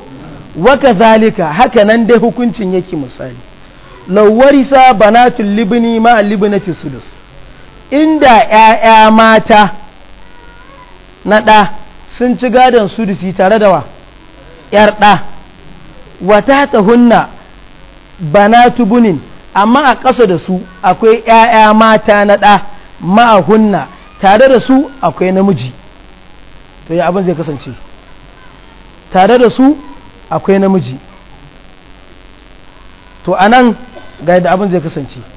wa kadhalika haka nan dai hukuncin yake misali law warisa banatul libni ma inda ‘ya'ya mata na ɗa sun ci gadon su da su tare da wa ‘yar ɗa wata ta hunna banatu bunin amma a ƙasa da su akwai ‘ya'ya mata na ɗa ma'a hunna tare da su akwai namiji to ya abin zai kasance tare da su akwai namiji to anan ga yadda abin zai kasance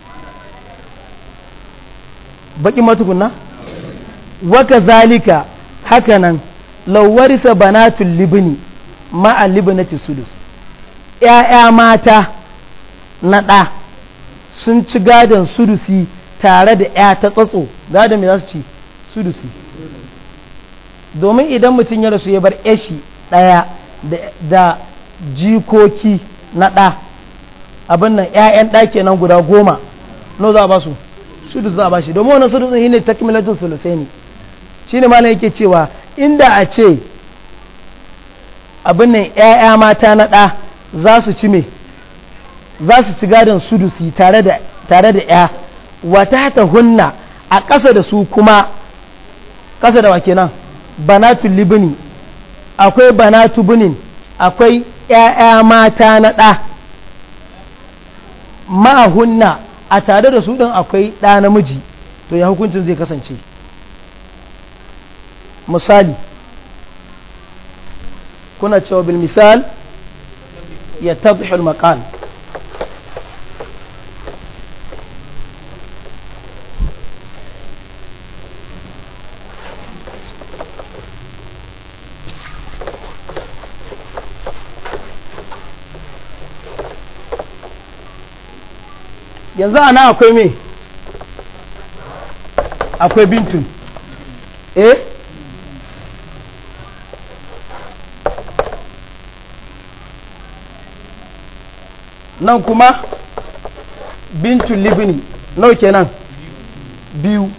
baki matukunna waka zalika haka nan lawarisa banatul ma'an ma'a libnati sudus ‘ya'ya mata na ɗa sun ci gadon sudusi tare da ‘ya ta tsatso gadon mai za su ci sudusi domin idan mutum ya rasu ya bar ‘yashi ɗaya da jikoki na ɗa abin nan ‘ya'yan ɗa kenan guda goma no za a ba su sudu za a bashi domin wannan sudus shine takmilatul sulusaini shine malam yake cewa inda a ce abin nan ƴaƴa mata na ɗa za su ci me za su ci gadon sudusi tare da tare da ƴa wata ta hunna a ƙasa da su kuma ƙasa da wa kenan banatu libni akwai banatu bunin akwai 'ya'ya mata na ɗa ma'ahunna a tare da su ɗin akwai ɗa namiji to ya hukuncin zai kasance misali kuna cewa bil misal ya tabbihul maqal yanzu ana akwai me akwai bintun eh nan kuma bintun libini nau kenan biyu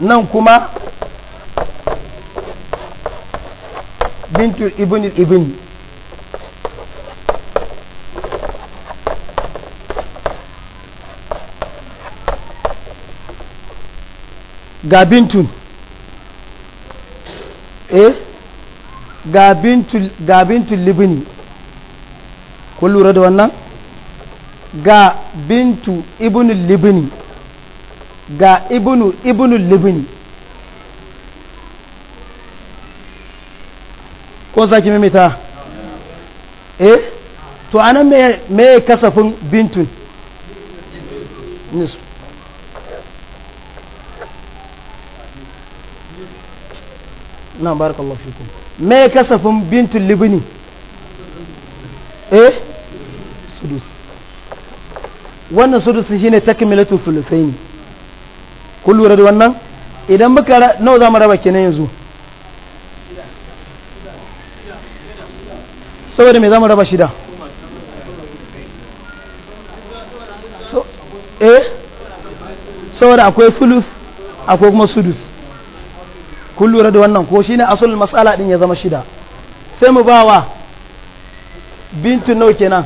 nan kuma bintu ibini ibini ga eh gabintun libini kun lura da wannan ga bintu ibnu libini ga ibnu ibnu libini ko sake mimita eh to anan me kasafin bintun nisf na barakallahu fikum me kasafin bintul libini eh sudus wannan sudus shi ne takmilatu thuluthaini kun lura da wannan idan muka nawa za mu raba kenan yanzu saboda me za mu raba shida eh saboda akwai fulus akwai kuma sudus kun lura da wannan ko shine asalin mas'ala din ya zama shida sai mu bawa bintu nau kenan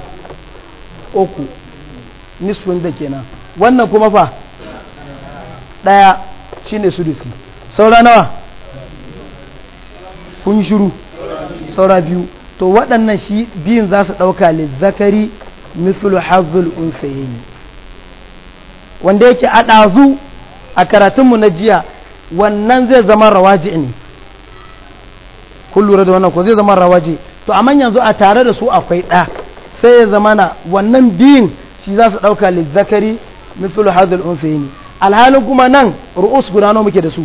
uku nisfin da kenan wannan kuma fa daya shine sudusi saura nawa kun shiru saura biyu to waɗannan shi biyun za su ɗauka zakari mithlu hazzul unsayi wanda yake a ɗazu a karatunmu na jiya wannan zai zama rawaji ne kun da wannan ko zai zama rawaji to amma yanzu a tare da su akwai ɗa sai ya zama na wannan biyun shi za su ɗauka lizzakari mithlu hadhal unsayni alhalin kuma nan ru'us guda nawa muke da su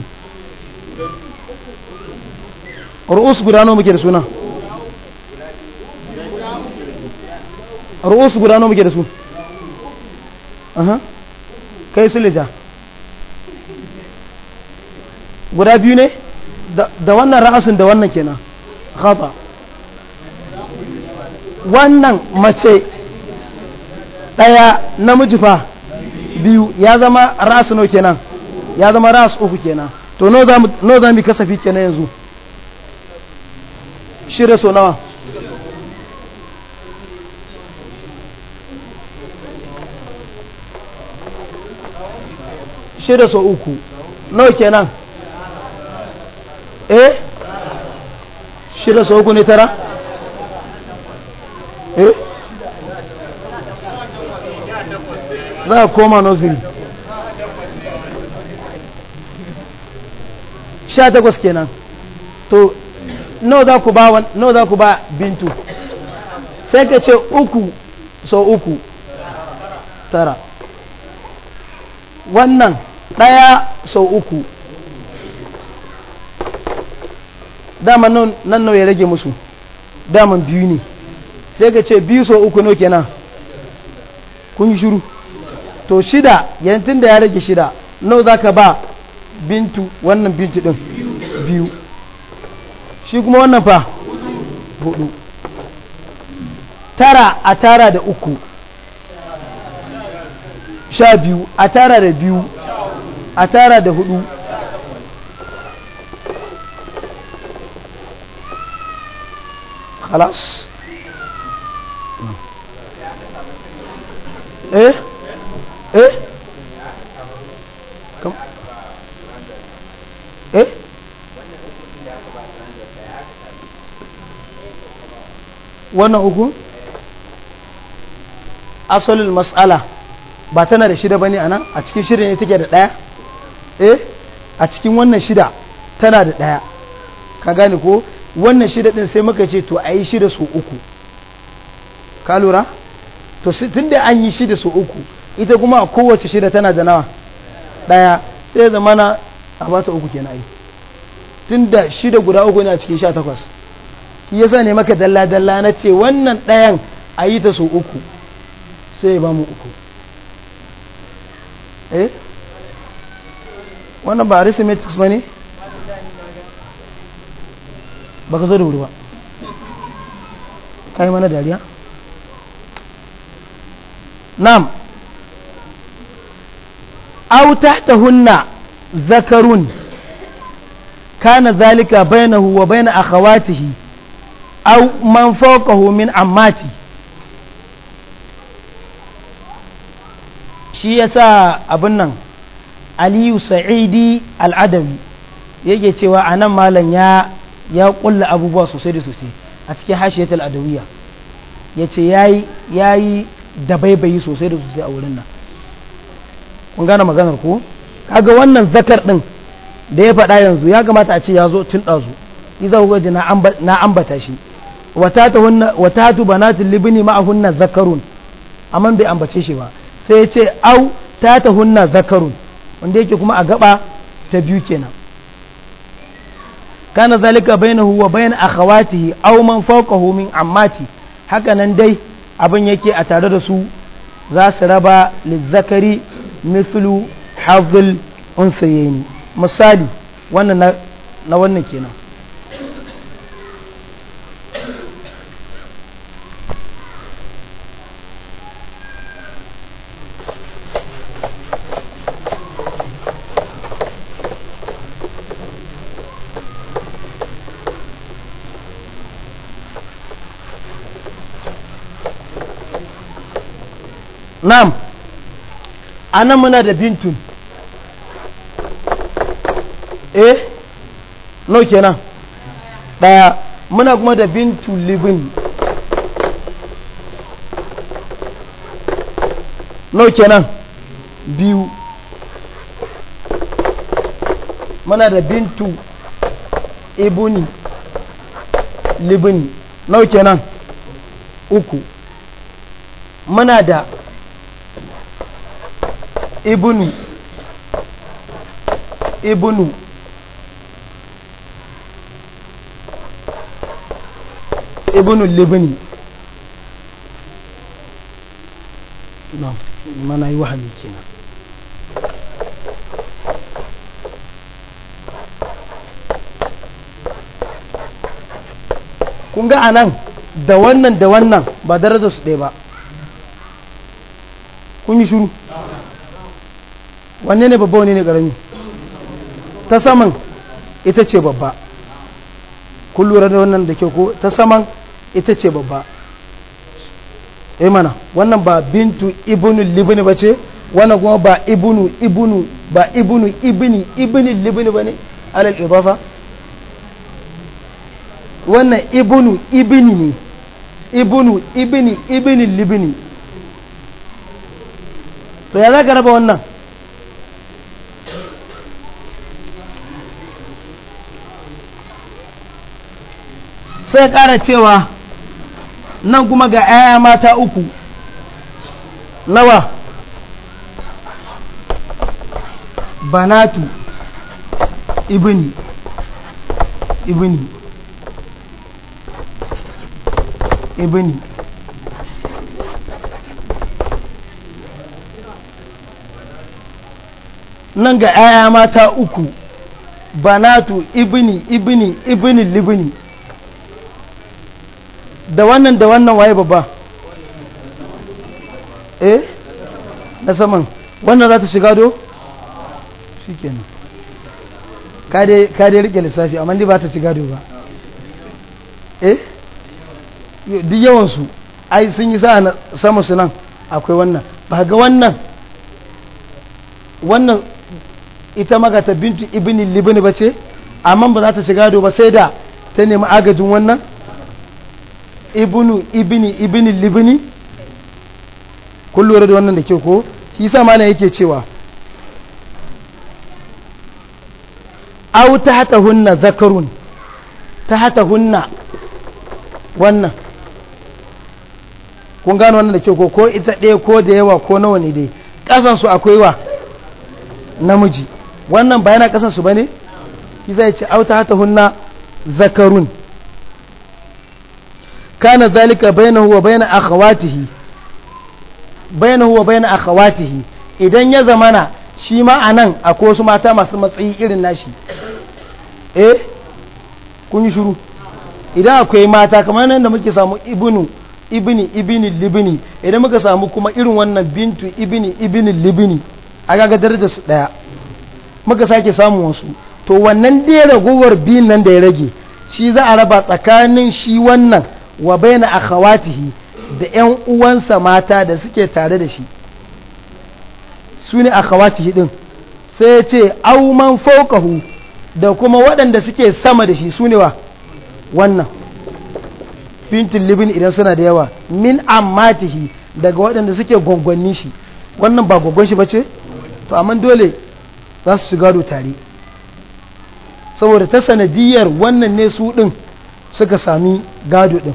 ru'us guda nawa muke da su nan ru'us guda nawa muke da su aha kai su lija guda biyu ne da wannan ra'asin da wannan kenan khata wannan mace ɗaya namiji fa biyu ya zama ra'as no kenan ya zama ra'as uku kenan to no za mu kasafi kenan yanzu shirya so nawa shirya so uku no kenan eh shida sau uku ne tara eh za a koma nozili sha takwas kenan to nawa za ku ba bintu sai ka ce uku sau uku tara wannan ɗaya sau uku dama nan nawa ya rage musu dama biyu ne sai ka ce biyu so uku no kenan kun yi shiru to shida yantin da ya rage shida nau za ka ba bintu wannan bintu din biyu shi kuma wannan fa hudu tara a tara da uku sha biyu a tara da biyu a tara da hudu خلاص ايه ايه asalin matsala ba tana da shida bane anan a cikin shirin ne take da ɗaya a cikin wannan shida tana da ɗaya ka gane ko wannan shida din sai muka ce to a yi shida su uku ka lura to tun da an yi shida su uku ita kuma a kowace shida tana da nawa daya sai na a bata uku kenan yi tun da shida guda uku na cikin sha takwas shi yasa ne maka dalla-dalla na ce wannan ɗayan a yi ta su uku sai ba mu uku eh wannan ba arithmetic ba ne ba ka zo da wuri ba ka yi mana dariya nam au tahtahunna zakarun kana zalika bainahu wa bain akhawatihi aw man fawqahu min ammati shi yasa abin nan aliyu sa'idi al'adami yake cewa anan malam ya ya ƙulla abubuwa sosai da sosai a cikin hashiyatul adawiyya ya ce ya yi dabaibayi sosai da sosai a wurin nan kun gane maganar ko kaga wannan zakar din da ya faɗa yanzu ya kamata a ce ya zo tun ɗazu iza ku gaji na ambata shi wata tu banatin libini hunna zakarun amma bai ambace shi ba sai ya ce au ta ta hunna zakarun wanda yake kuma a gaba ta biyu kenan kana zalika bainahu wa bain akhawatihi aw man fawqahu min ammati haka nan dai abin yake a tare da su za su raba lizzakari mithlu hadhil unsayni misali wannan na wannan kenan na'am ana muna da bintun eh nau kenan daya muna kuma da bintu libin nau kenan biyu muna da bintu ibuni libin nau kenan uku muna da ibnu ibnu ibnu libni na mana yi wahabi kenan kun ga anan da wannan da wannan ba darajar su ɗaya ba kun yi shuru wanne ne babba wani ne karami ta saman ita ce babba kun lura da wannan da ke ko ta saman ita ce babba eh mana wannan ba bintu ibinu libini ba ce wannan kuma ba ibinu ibinu ba ibinu ibni ibni libni ba ne alal ibafa wannan ibnu ibni ne ibnu ibni ibni libni to ya za ka raba wannan sai ƙara cewa nan kuma ga 'ya'ya mata uku nawa banatu ibini ibini ibini nan ga 'ya'ya mata uku banatu ibini ibini ibini libini da wannan da wannan waye babba eh na saman wannan za ta shiga do shi kenan kade rike lissafi amma ni ba ta shiga do ba eh duk yawansu ai sun yi sa samu su nan akwai wannan ba ga wannan wannan ita magata bintu ibini libini ba ce amma ba za ta shiga do ba sai da ta nemi agajin wannan ibnu ibni ibni libni kun lura da wannan da ke ko shi sa mana yake cewa au ta hata hunna zakarun ta hata hunna wannan kun gano wannan da ke ko ko ita ɗaya ko da yawa ko nawa ne dai su akwai wa namiji wannan ba yana ƙasansu ba ne shi zai ce au ta hata hunna zakarun kana zalika bainahu wa bain akhawatihi bainahu wa bain akhawatihi idan ya zamana shi ma anan akwai wasu mata masu matsayi irin nashi eh kun shiru idan akwai mata kamar nan da muke samu ibnu ibni ibni libni idan muka samu kuma irin wannan bintu ibni ibni libni a ga darajar su daya muka sake samun wasu to wannan da ragowar bin nan da ya rage shi za a raba tsakanin shi wannan wa baina akhawatihi da ƴan uwansa mata da suke tare da shi su ne akhawatihi din sai ya ce auman man fawqahu da kuma waɗanda suke sama da shi su ne wa wannan fintin libin idan suna da yawa min ammatihi daga waɗanda suke gwangwanni shi wannan ba gwangwan shi bace to amma dole za su shiga tare saboda ta sanadiyar wannan ne su din suka sami gado din.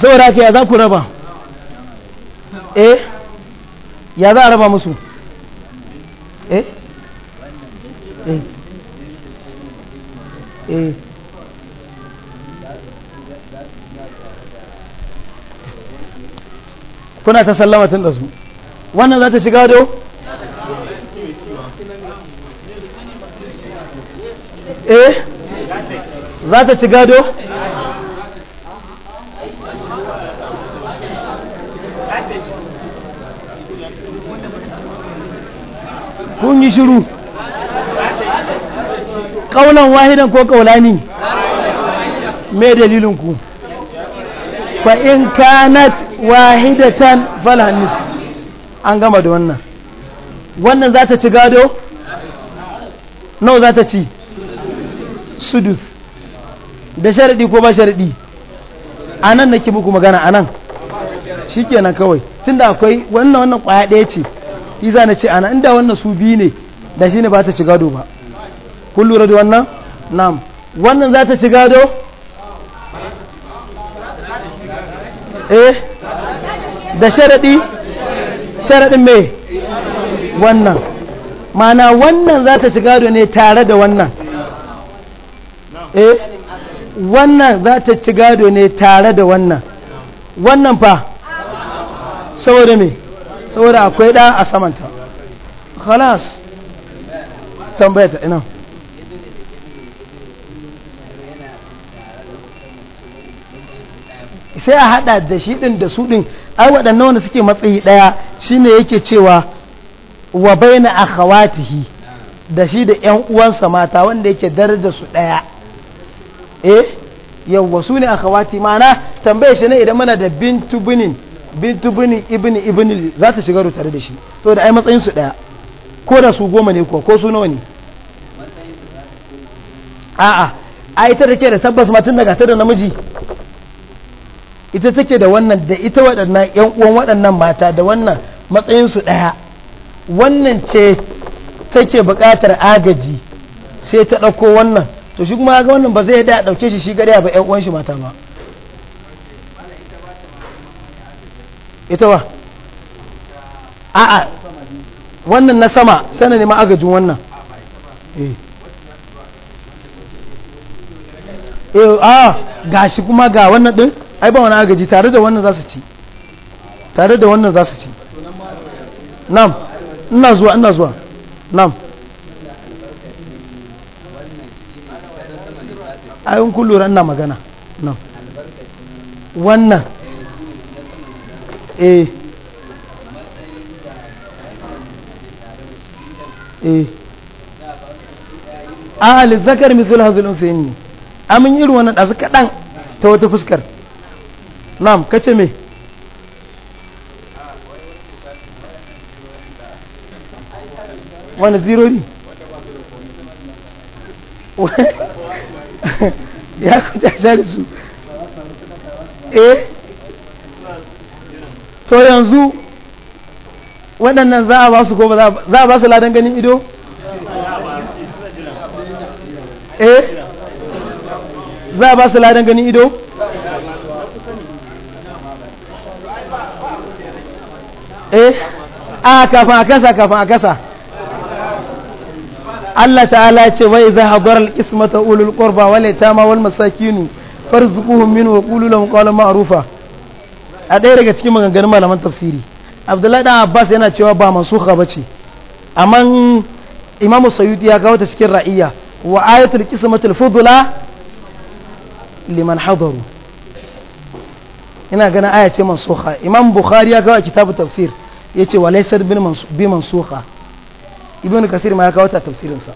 saboda ake ya za ku raba eh ya za a raba musu eh eh, eh. kuna ta sallama tun da su wannan za ta shiga do eh za ta shiga do kun yi shiru ƙaunan wahidan ko ƙaunani me dalilinku fa'in kanat wahidatan falhannis an gama da wannan wannan za ta ci gado? nau za ta ci sudus da sharaɗi ko ba sharaɗi a nan na nake muku magana a nan shi kenan kawai tunda akwai wannan wannan ƙwaya ɗaya ce iza na ce ana inda wannan su biyu ne da shi ne ba ta ci gado ba kun lura da wannan nam wannan za ta ci gado eh da sharadi sharadin me. wannan mana wannan za ta ci gado ne tare da wannan eh wannan za ta ci gado ne tare da wannan wannan fa saboda me saboda akwai ɗa a samanta halas tambayata ina sai a hada da shi din da su din ai waɗannan wanda suke matsayi ɗaya shine yake cewa wa baina akhawatihi da shi da ƴan uwansa mata wanda yake darajar su ɗaya eh yawwa su ne akhawati mana tambaye shi ne idan muna da bintu binin bintu bini ibini ibni za ta shiga tare da shi to da ai matsayin su daya ko da su goma ne ko ko su nawa ne a'a a ita take da tabbas ma tun daga ta da namiji ita take da wannan da ita waɗannan yan uwan waɗannan mata da wannan matsayin su daya wannan ce take buƙatar agaji sai ta ɗauko wannan to shi kuma ga wannan ba zai da ɗauke shi shi gare ba yan uwan shi mata ba ita wa a'a wannan na sama tana neman agajin wannan eh. eh a gashi kuma ga wannan din ai ba wani agaji tare da wannan za su ci tare da wannan za su ci nam ina zuwa ina zuwa nam ayin kun lura ina magana nam wannan eh eh a alizakar mithul hazil usaini amin irin wannan ɗazu kaɗan ta wata fuskar nam kace me wani zirori ya kuta su eh to yanzu waɗannan za a ba su goma za a ba su ladan ganin ido eh za a ba su ladan ganin ido eh a kafin a kasa kafin a kasa Allah ta'ala ce wai za a bar al'ismata ulul ƙorba wale ta ma wal masakinu farzukuhun min wa ƙululan ƙwallon ma'arufa a ɗaya daga cikin maganganun malaman tafsiri abdullahi dan abbas yana cewa ba mansuha ba ce amma imamu sayuti ya kawo ta cikin ra'iya wa ayatul qismatul fudula liman hadaru ina ganin aya ce mansuha imam bukhari ya kawo a kitabu tafsir ya ce wa laysar bi mansuha ibn kasir ma ya kawo ta tafsirinsa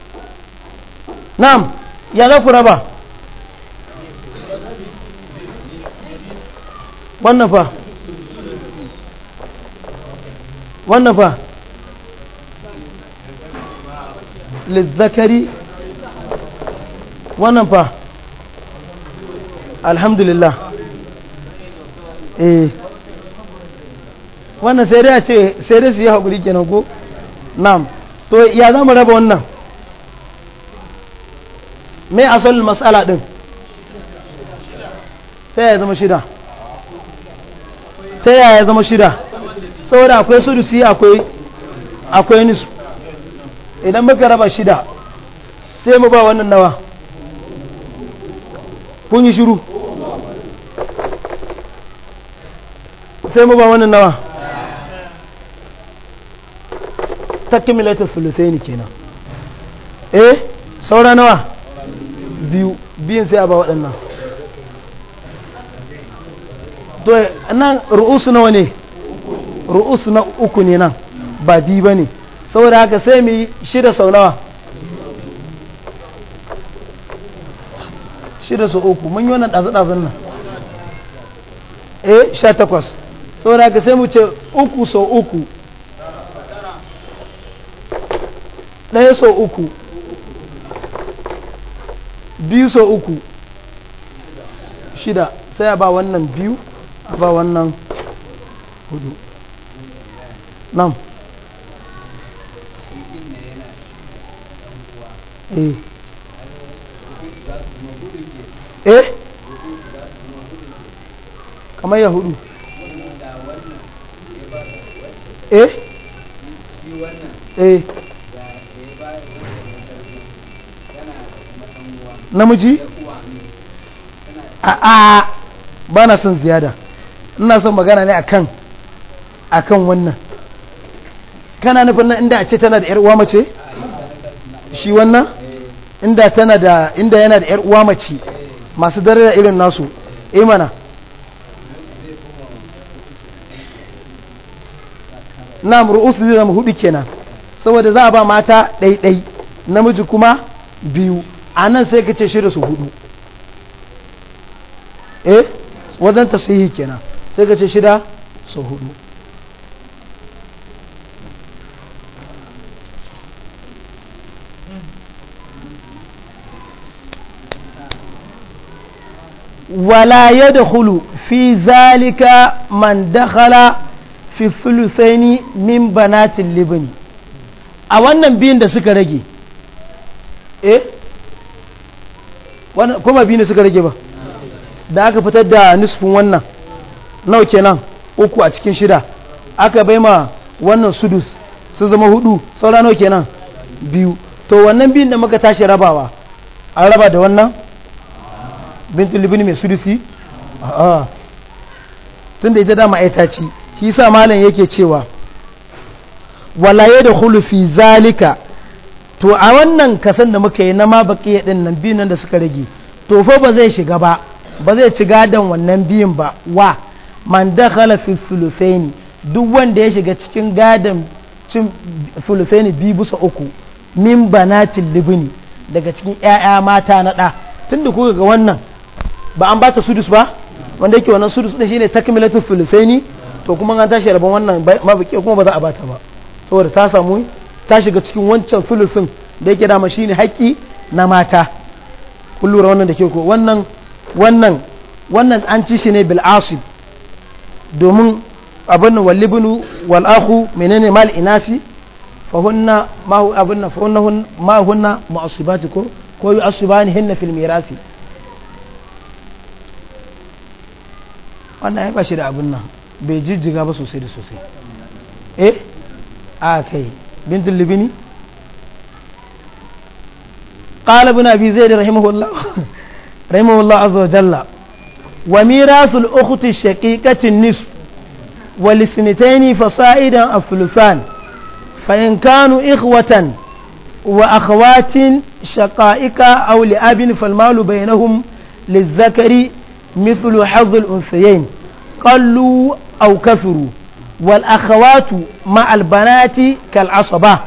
na'am ya za ku raba wannan fa wannan fa lizzakari wannan fa alhamdulillah eh wannan sai dai a ce sai dai su yi haƙuri kenan ko na'am to ya zama raba wannan mai asalin matsala din ta yaya zama shida ta yaya zama shida saboda akwai sudusi akwai akwai nisu idan muka raba shida sai mu ba wannan nawa kun yi shiru sai mu ba wannan nawa takimilatar filitaini kenan eh saura nawa biyu biyun sai a ba waɗannan to nan ru'usu nawa ne ru'us na uku ne nan ba biyu ba ne saboda haka sai mu yi shida sau nawa shida sau uku mun yi wannan ɗazu-ɗazun nan eh sha takwas saboda haka sai mu ce uku sau uku ɗaya sau uku biyu sau uku shida sai a ba wannan biyu a ba wannan hudu nan eh. eh kamar yahudu eh eh namiji a'a ba na son ziyada ina son magana ne akan akan wannan kana nufin nan inda a ce tana da yar uwa mace shi wannan inda tana da inda yana da yar uwa mace masu daraja irin nasu imana eh na ru'us zai zama hudu kenan saboda za a ba mata ɗaiɗai namiji kuma biyu a nan sai ka ce shida su hudu eh wajen tasihi kenan sai ka ce shida su hudu ولا يدخل في ذلك من دخل في الثلثين من بنات اللبن a wannan biyun da suka rage eh kuma biyun da suka rage ba da aka fitar da nisfin wannan nau kenan uku a cikin shida aka bai ma wannan sudus su zama hudu saura nau kenan biyu to wannan biyun da muka tashi rabawa an raba da wannan bintul libni mai sudusi tun da ita dama aita ci shi sa malam yake cewa walaye da hulufi zalika to a wannan kasan da muka yi na ma baki din nan biyun nan da suka rage to fa ba zai shiga ba ba zai ci gadon wannan biyun ba wa man dakhala fi sulusaini duk wanda ya shiga cikin gadon cin sulusaini bi bisa uku min banatil libini daga cikin yaya mata na da tunda kuka ga wannan ba an bata sudus ba wanda yake wannan sudus din shine takmilatu thuluthaini to kuma an tashi rabon wannan mabaki kuma ba za a bata ba saboda ta samu ta shiga cikin wancan thuluthin da yake da shine haƙi na mata kun lura wannan da ke ko wannan wannan wannan an ci shi ne bil asib domin abin walibinu wal akhu menene mal inasi fa hunna ma abin fa hunna ma hunna mu'asibati ko ko yu'asibani hinna fil mirasi wannan ya shi da abin nan bai jijjiga ba sosai da sosai eh a kai bintin libini ƙala bin abi zai da rahimahullah azza wa jalla wa mirasul ukhti shaqiqatin nis wa lisnitaini fasaidan aflusan fa in kanu ikhwatan wa akhawatin shaqaika aw li abin fal malu bainahum zakari. مثل حظ الأنثيين قلوا أو كثروا والأخوات مع البنات كالعصبة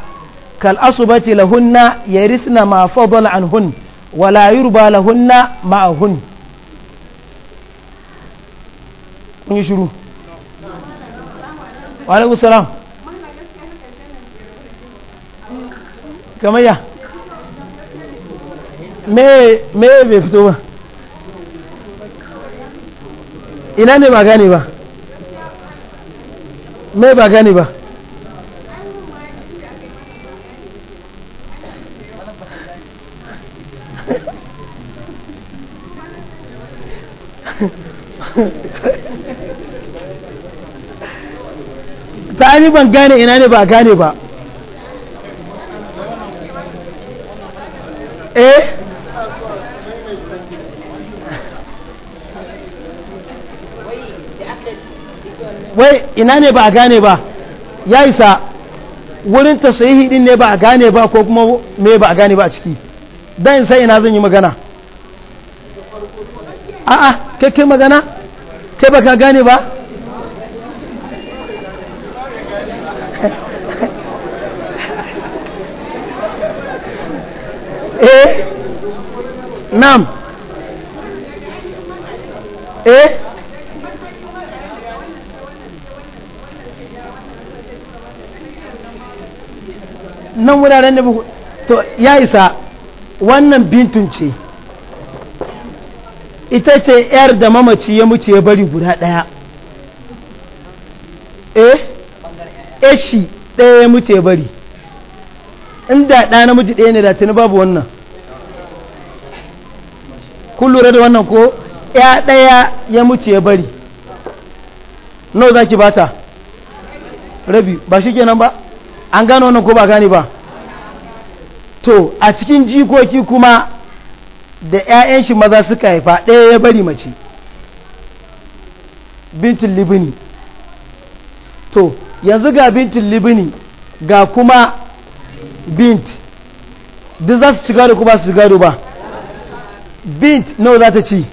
كالعصبة لهن يرثن ما فضل عنهن ولا يربى لهن معهن kun yi shiru walaikun salam ما ya me ina ne ba gane ba mai ba gane ba ta ban gane ina ne ba gane ba wai ina ne ba a gane ba ya isa wurin sai hidin ne ba a gane ba ko kuma me ba a gane ba a ciki dan sai ina zan yi magana a'a kai kai magana kai ba ka gane ba eh nam eh nan wuraren da to ya isa wannan bintun ce ita ce yar da mamaci ya mutu ya bari guda ɗaya eh eshi eh, ɗaya ya mutu ya bari inda ɗa namiji ɗaya ne da tuni babu wannan kun lura da wannan ko ya ɗaya ya mutu ya bari nau za ki bata rabi ba shi kenan ba an gano wannan ko ba gane ba to a cikin jikoki kuma da 'ya'yan shi maza suka haifa ɗaya ya bari mace bintin libini to yanzu ga bintin libini ga kuma bint duk za su ci gado kuma su gado ba bint nawa za ta ci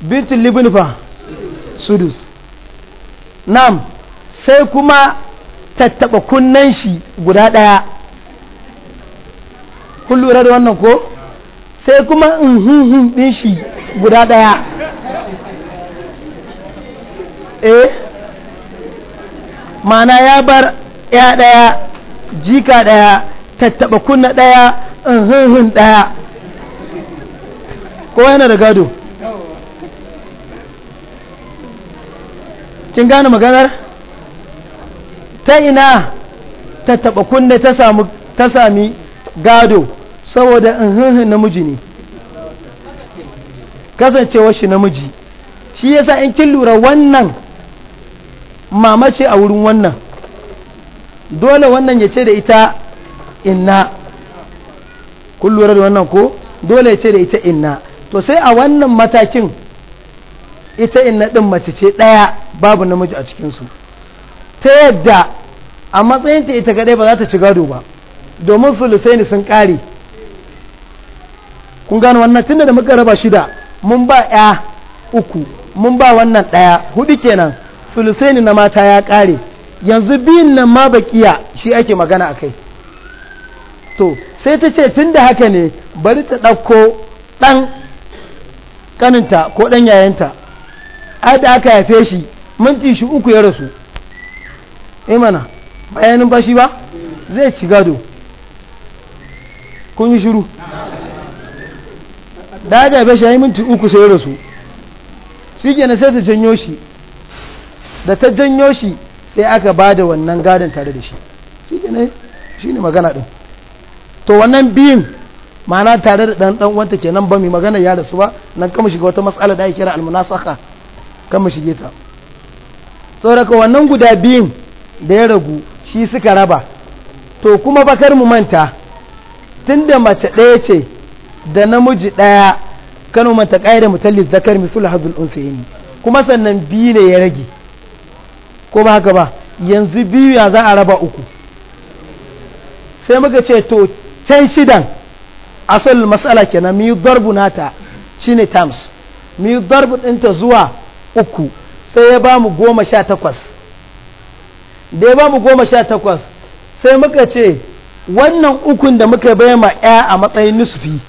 bintin libini fa sudus nam sai kuma tattaba kunnen shi guda ɗaya kun lura da wannan ko sai kuma in hin din shi guda daya eh mana ya bar ya daya jika daya tattaba kunna daya in hin daya ko yana da gado kin gane maganar ta ina tattaba kunne ta sami gado saboda in hinhin namiji ne kasancewar shi namiji shi yasa in kin lura wannan mamace a wurin wannan dole wannan ya ce da ita inna kun lura da wannan ko dole ya ce da ita inna to sai a wannan matakin ita inna ɗin mace ce ɗaya babu namiji a cikinsu ta yadda a matsayinta ita kadai ba za ta ci gado ba domin filisai sun kare. kun gano wannan tunda da muka raba shida mun ba ya uku mun ba wannan ɗaya hudu kenan sulusaini na mata ya ƙare yanzu biyun nan ma bakiya shi ake magana a kai to sai ta ce tun da haka ne bari ta ɗauko ɗan ƙaninta ko ɗan yayanta a da aka haife shi minti shi uku ya rasu imana eh bayanin ba shi ba zai ci gado kun yi shiru da ya jabe shi ya yi minti uku sai rasu shi kenan sai ta janyo shi da ta janyo shi sai aka ba da wannan gadon tare da shi shi kenan shi ne magana ɗin to wannan biyun ma'ana tare da ɗan ɗan wanta nan ba mai magana ya rasu ba nan kama shiga wata matsala da ake kira almunasaka kama shige ta saboda wannan guda biyun da ya ragu shi suka raba to kuma bakar mu manta tunda mace ɗaya ce da namiji ɗaya kano manta ƙa'ida mutalli zakar misul hazul unsayini kuma sannan biyu ne ya rage ko ba haka ba yanzu biyu ya za a raba uku sai muka ce to can shidan asal matsala kenan mi darbu nata shine tams mi darbu ɗinta zuwa uku sai ya ba mu goma sha takwas da ya ba mu goma sha takwas sai muka ce wannan ukun da muka bai ma 'ya a matsayin nusufi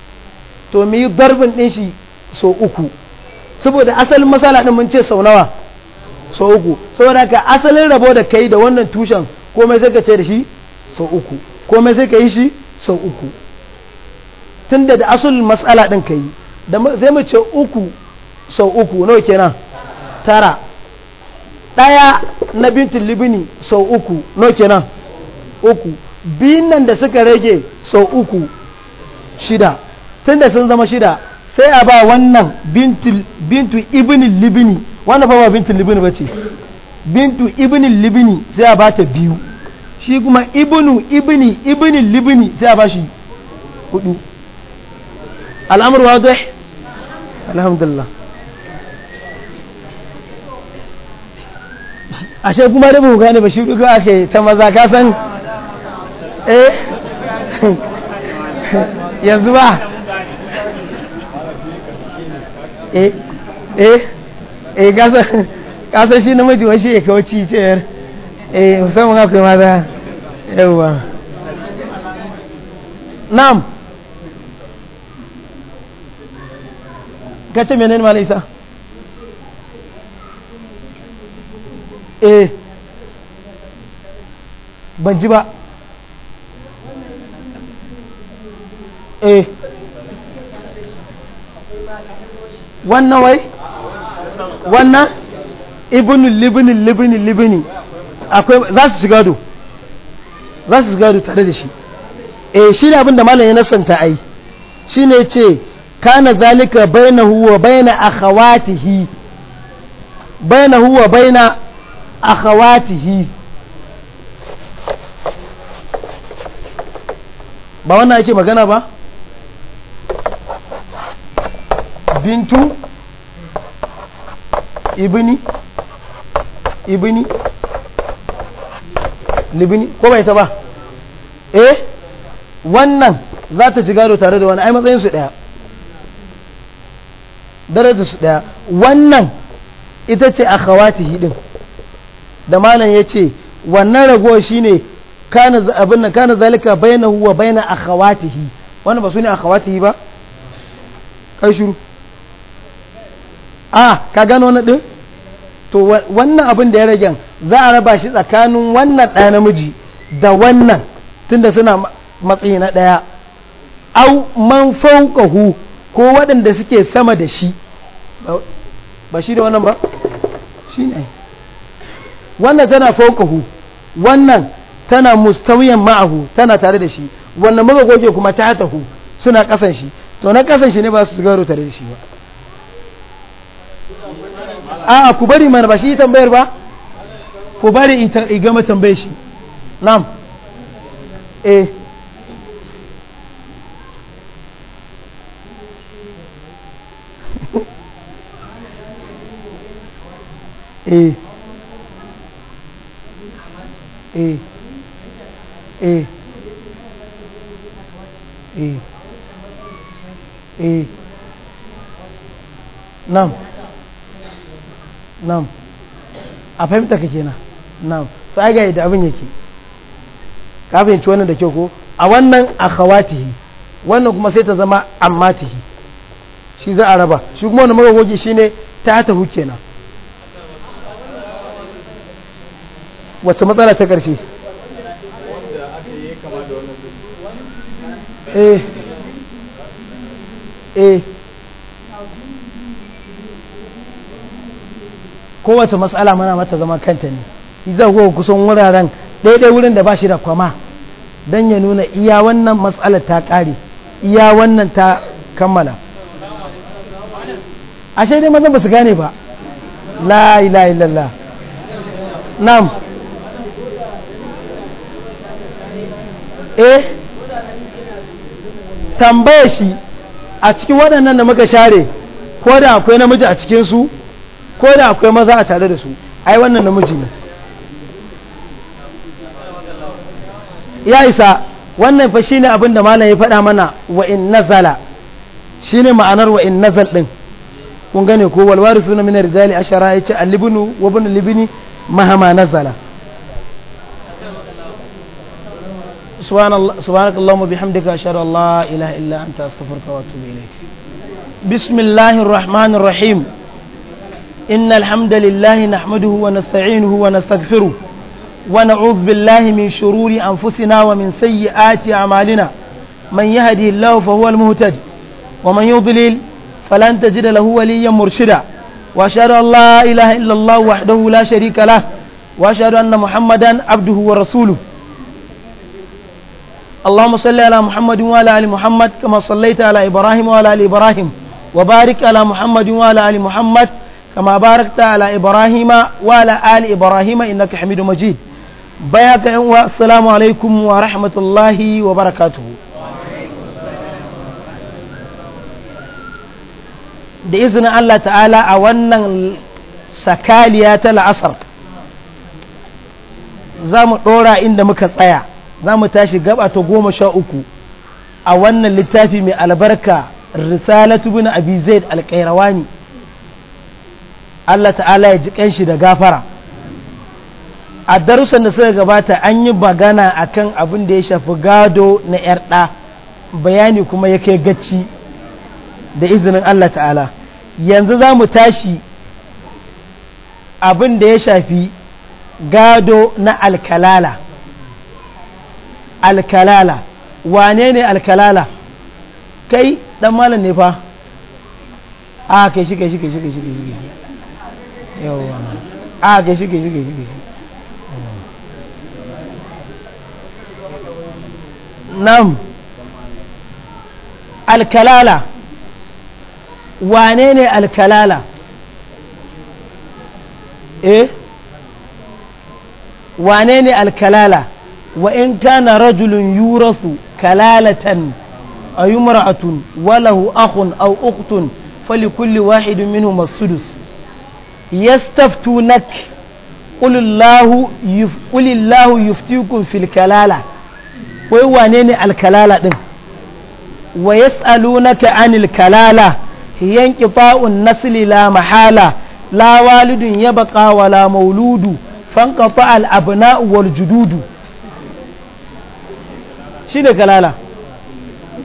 to mu yi darbin din shi so uku saboda asalin masala din mun ce sau nawa so uku saboda ka asalin rabo da kai da wannan tushen komai sai ka ce da shi so uku komai sai ka yi shi so uku tunda da asalin masala din ka yi zai mu ce uku sau uku nawa kenan tara ɗaya na bintin libini sau uku no kenan uku biyun nan da suka rage sau uku shida da sun zama shida sai a ba wannan bintu ibinin libini wannan ba bintu libini ba ce bintu ibinin libini sai a ba ta biyu shi kuma ibinu ibini ibinin libini sai a ba shi hudu al'amur wadda alhamdulillah shi kuma da buga ne ba shi duka ake ta maza kasan eh yanzu ba eh eh gasa eh, gasa shi namiji wasu ya kawo ciciyar eh musamman akwai mata yawwa Nam. kace menene mala isa eh banji ba eh wannan wai wannan ibinu libini libini libini akwai za su shiga do za su shiga do tare da shi eh shi ne abinda malam ya nasanta ai shi ne ce kana zalika bainahu wa baina akhawatihi bainahu wa baina akhawatihi ba wannan ake magana ba bintu ibini ibini libini ko bai ta ba eh wannan za ta ci gado tare da wani ai matsayin su daya darajar su daya wannan ita ce akhawatihi din da malam ya ce wannan rago shine kana abin nan kana zalika bainahu wa baina akhawatihi wannan ba su ne hi ba kai shuru. a ah, ka gano na ɗin to wannan abin da ya ragen za a raba shi tsakanin wannan ɗaya namiji da wannan tunda suna matsayi na ɗaya au man fauƙahu ko waɗanda suke sama da shi ba shi da wannan ba shi ne wannan tana fauƙahu wannan tana mustawiyan ma'ahu tana tare da shi wannan maga goge kuma ta hatahu suna ƙasan shi to na ƙasan shi ne ba su gano tare da shi ba a'a ku bari mana ba shi tambayar ba ku bari in gama tambaye shi nam eh. eh eh eh eh eh eh nam na'am a fahimta ka na na'am to yadda abin yake ka fahimci wannan da kyau ko a wannan a akhawatihi wannan kuma sai ta zama ammatihi shi za a raba shi kuma wani magagogi ne ta tahu kenan wacce matsala ta ƙarshe eh eh kowace matsala mana mata zaman kanta ne iza ko kusan wuraren daidai wurin da ba shi da kwama don ya nuna iya wannan matsalar ta ƙare iya wannan ta kammala ashe shaidai mazan ba su gane ba la ilaha lalla. nam eh tambaye shi a cikin waɗannan da muka share ko da akwai namiji a cikinsu ko da akwai maza a tare da su ai wannan namiji ne ya isa wannan fa shine abin da malam ya faɗa mana wa in nazala shine ma'anar wa in nazal din kun gane ko wal warithuna min rijali ashara yace al-libnu wa ibn libni mahama nazala سبحانك اللهم bihamdika ashhadu an la ilaha illa anta astaghfiruka wa atubu ilayk bismillahir rahmanir rahim. إن الحمد لله نحمده ونستعينه ونستغفره ونعوذ بالله من شرور أنفسنا ومن سيئات أعمالنا من يهدي الله فهو المهتد ومن يضلل فلن تجد له وليا مرشدا وأشهد أن لا إله إلا الله وحده لا شريك له وأشهد أن محمدا عبده ورسوله اللهم صل على محمد وعلى آل محمد كما صليت على إبراهيم وعلى آل إبراهيم وبارك على محمد وعلى آل محمد كما باركت على إبراهيم وعلى آل إبراهيم إنك حميد مجيد بياك السلام عليكم ورحمة الله وبركاته da izinin Allah ta'ala a wannan sakaliya ta la'asar zamu ɗora inda muka tsaya za mu tashi gaba ta goma sha uku a wannan littafi mai albarka risalatu bin abi zaid Allah ta'ala ya ji kanshi da gafara a darussan da suka gabata an yi magana akan abin da ya shafi gado na yarda bayani kuma ya kai gaci da izinin Allah ta'ala yanzu za mu tashi abin da ya shafi gado na alkalala alkalala wane ne alkalala kai dan malam ne fa a ah, kai shi kai shi kai shi kai shi kai shi yawwa a ah, gashi gashi gashi gashi nam alkalala wane ne alkalala eh wane ne alkalala wa in kana rajulun yurasu kalalatan ayu mar'atun walahu akhun au uktun falikulli wahidin minhum as-sudus yastaftunak qulillahu qulillahu yuftikum fil kalala wai wane ne alkalala din wa yas'alunaka anil kalala yanqita'un nasli la mahala la walidun yabqa wa la mauludu fanqata al abna'u wal jududu shine kalala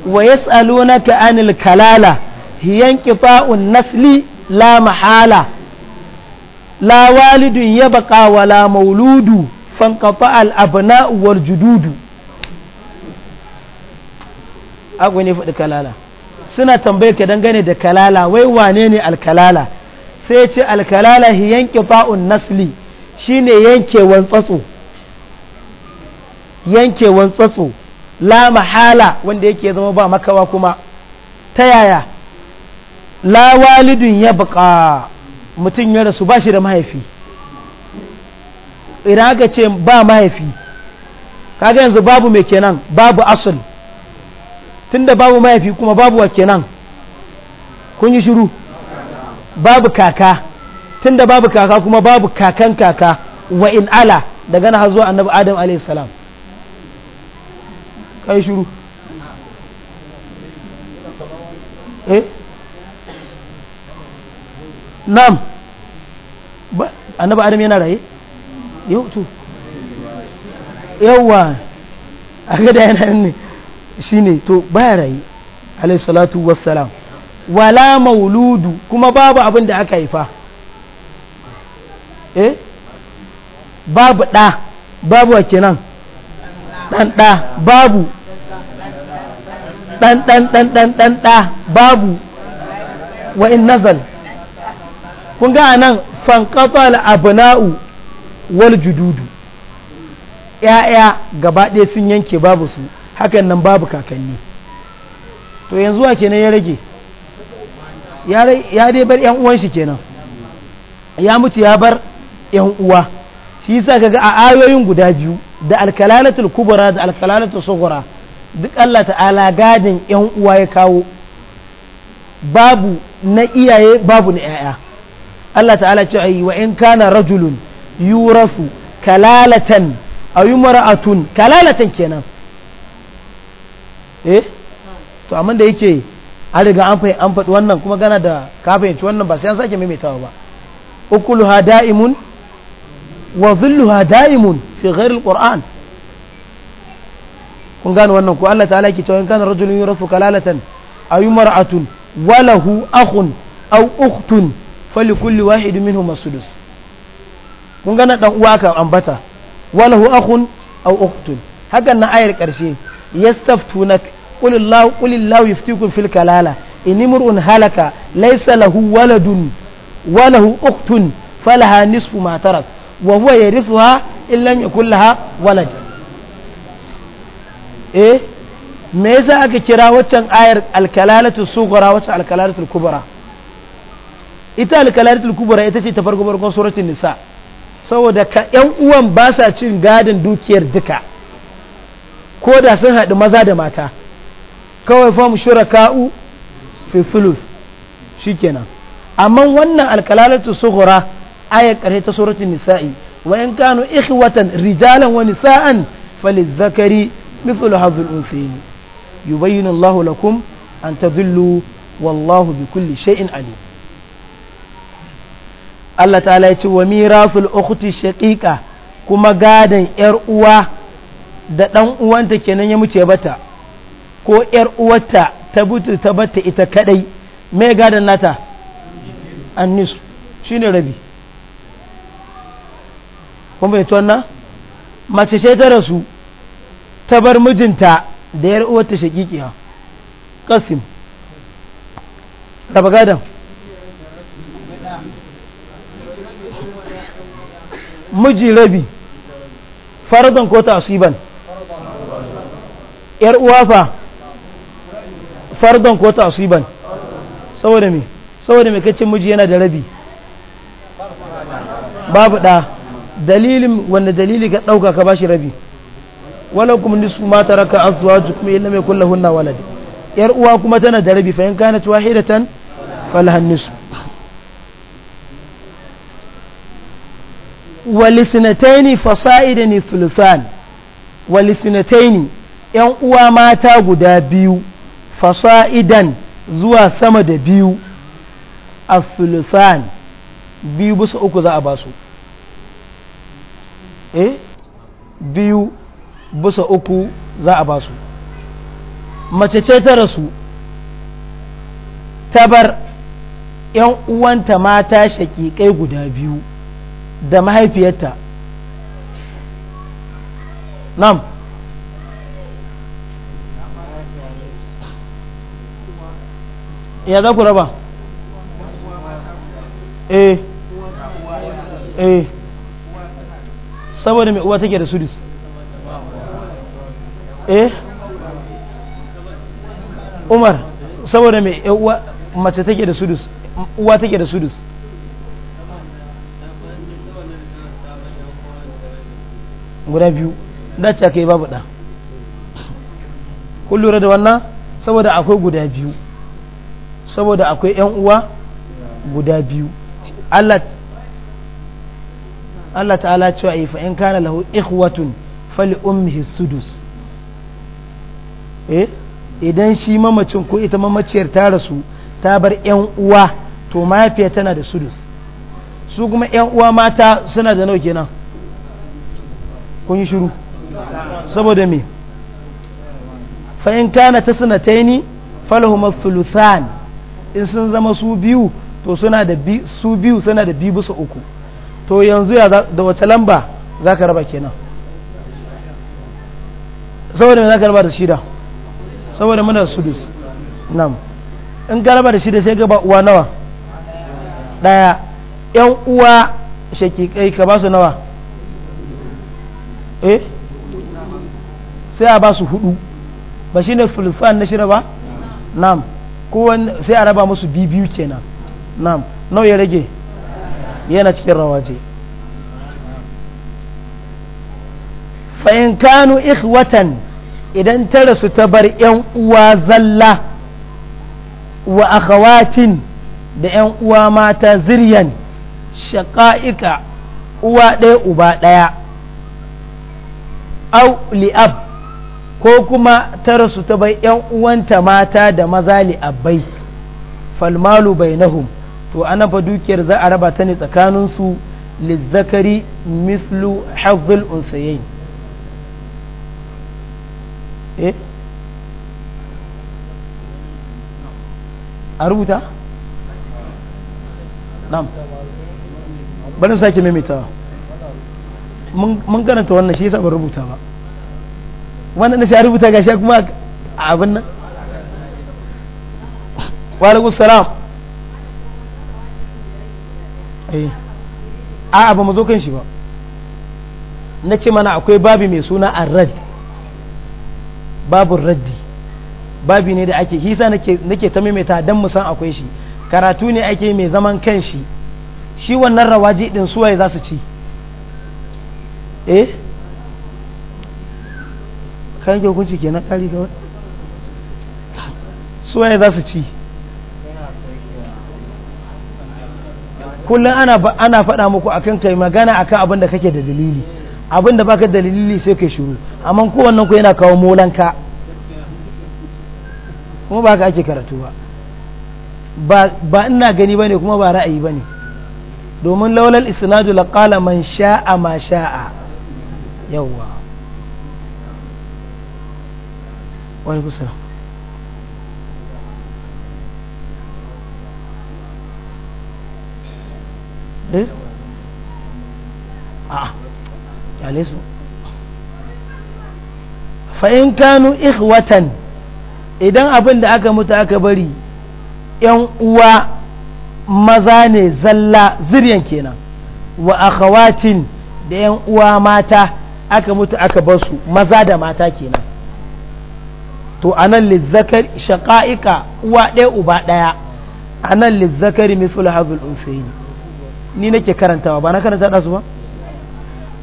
wa yas'alunaka anil kalala yanqita'un nasli la mahala la walidun ya baka wala mauludu fankafa al'abna uwar jududu akwai ne faɗi kalala suna tambaye ka dangane da kalala wai wane ne alkalala sai ce alkalala hi yanke fa'un nasli shine yankewan tsatso yankewan tsatso la mahala wanda yake zama ba makawa kuma ta yaya la walidun ya baka mutum ya rasu ba shi da mahaifi idan aka ce ba mahaifi kaga yanzu babu mai kenan babu asul tunda babu mahaifi kuma babu wa kenan kun yi shiru babu kaka tunda babu kaka kuma babu kakan kaka wa in ala gana na zuwa annabi adam a.s. kai shiru eh nam annabi adam yana raye yau to yawa a gada yana ne ne to baya raye alayhi salatu wassalam wala mauludu kuma babu abin da aka haifa eh babu ɗa babu wake nan ɗan ɗa babu ɗan ɗan ɗan ɗan ɗan ɗa babu wa in nazal kun ga nan fankata abna'u wal jududu ‘ya'ya gaba ɗaya sun yanke babu su hakan nan babu kakanni to yanzu wa nan ya rage ya dai bar ‘yan uwan shi kenan ya mutu ya bar ‘yan uwa shi yasa kaga a ayoyin guda biyu da alkalalatul kubra da alkalalatul sughra duk Allah ta'ala gadin ‘yan uwa ya kawo babu na iyaye babu na ‘ya'ya Allah ta'ala ce ayi wa in kana rajulun yurafu kalalatan aw mar'atun kalalatan kenan eh to amma da yake an riga an fahimci an faɗi wannan kuma gana da ka fahimci wannan ba sai an sake maimaitawa ba ukuluha da'imun wa dhilluha da'imun fi ghairi qur'an kun gane wannan ko Allah ta'ala yake cewa in kana rajulun yurafu kalalatan a mar'atun wa lahu akhun aw ukhtun fali kulli wahidu minhum masudus kun gana dan uwa ka ambata walahu akhun aw ukhtun hakan na ayar karshe yastaftunak qul illahu qul illahu yuftikum fil kalala in halaka laysa lahu waladun walahu ukhtun falaha nisfu ma tarak wa huwa yarithuha in lam yakul laha walad eh me yasa aka kira waccan ayar alkalalatu sughra waccan alkalalatu kubra ita alkalaritul kubra ita ce ta farko farkon suratul nisa saboda ka yan uwan ba sa cin gadin dukiyar duka ko da sun haɗu maza da mata kawai famu shuraka'u fi thuluth shikenan amma wannan alkalalitu sughra ayat ƙarshe ta suratul nisa'i wa in kanu ikhwatan rijalan wa nisa'an falizakari mithlu hadhil unsayn yubayyinu Allahu lakum an tadhillu wallahu bikulli shay'in alim Allah Ta ya ce wa mirafil ukhti shaqiqa kuma gadan yar uwa da dan uwanta kenan ya muce bata ko yar uwarta ta butu ta bata ita kadai me gadan nata annis shine rabi kuma bai wannan mace ce ta rasu ta bar mijinta da yar uwarta shaqiqiya qasim raba gadan miji rabi faradan ko tasiban yar uwa fa faradan ko tasiban saboda mai saboda me kace miji yana da rabi babu ɗa dalilin wanda dalili ka ɗauka ka ba shi rabi wani kuma nisfu ma taraka azwajukum illa ma yakul lahunna walad yar uwa kuma tana da rabi fa in kanat wahidatan falhan nisfu walisnataini fasa'idani thuluthan walisnataini yan uwa mata guda biyu fasa'idan zuwa sama da biyu a thuluthan biyu bisa uku za a ba su eh biyu bisa uku za a ba su mace ce ta rasu tabar yan uwanta mata shakikai guda biyu da mahaifiyarta nam ya za ku raba eh eh saboda mai uwa take da sudis eh umar saboda mai uwa mace take da sudus uwa take da sudus guda biyu dace ka yi babu ɗan kun lura da wannan saboda akwai guda biyu saboda akwai yan uwa guda biyu Allah ta'ala cewa yi fa'in kana lahu ikhwatun fali ummihi sudus eh idan shi mamacin ko ita mamaciyar ta rasu ta bar yan uwa to mafiya tana da sudus su kuma yan uwa mata suna da nau kenan kun yi shiru saboda me fa in kana ta sanataini falahuma thuluthan in sun zama su biyu to suna da su biyu suna da biyu bisa uku to yanzu ya da wata lamba za ka raba kenan saboda me za ka raba da shida saboda muna sudus nam in ka raba da shida sai gaba uwa nawa daya yan uwa shakikai ka ba su nawa eh sai a ba su hudu ba shi ne filfan na shida ba nam sai a raba musu biyu kenan nam nau ya rage yana cikin rawaje fa'in kanu ikhwatan idan ta su ta bar ‘yan uwa zalla wa akhawatin da ‘yan uwa mata ziryan shaƙa'ika uwa ɗaya uba ɗaya au li'ab ko kuma ta rasu ta bai yan uwanta mata da maza li'abai falmalu bainahum to ana fa dukiyar za a raba ta ne tsakanin su lizzakari mislu hazzul unsayin eh a nam bari sake maimaitawa mun karanta wannan shi yasa ban rubuta ba wannan da sai rubuta gashi kuma abin nan wa alaikum salam eh a'a ba mu zo kan shi ba na ce mana akwai babi mai suna arrad babu raddi babi ne da ake hisa nake ta maimaita don mu san akwai shi karatu ne ake mai zaman kanshi shi wannan rawaji din suwaye za su ci eh kan ke hukunci ke na kari ga suwaye za su ci kullum ana faɗa muku a kan kai magana akan abin da kake da dalili abin da baka dalili sai kai shuru amma wannan ku yana kawo molanka kuma ba ka ake karatu ba ba ina gani ba ne kuma ba ra'ayi ba ne domin laulal isnadu laqala man sha'a ma sha'a yawwa wani kusa eh a kyale su fa'in kanu ikhwatan idan abin da aka mutu aka bari ‘yan uwa maza ne zalla ziryan kenan wa akhawatin da ‘yan uwa mata aka mutu aka bar su maza da mata kenan to anan zakari shaqa'ika uwa ɗaya uba ɗaya anan lizzakari mithlu hadhul unsayn ni nake karantawa ba na karanta da su ba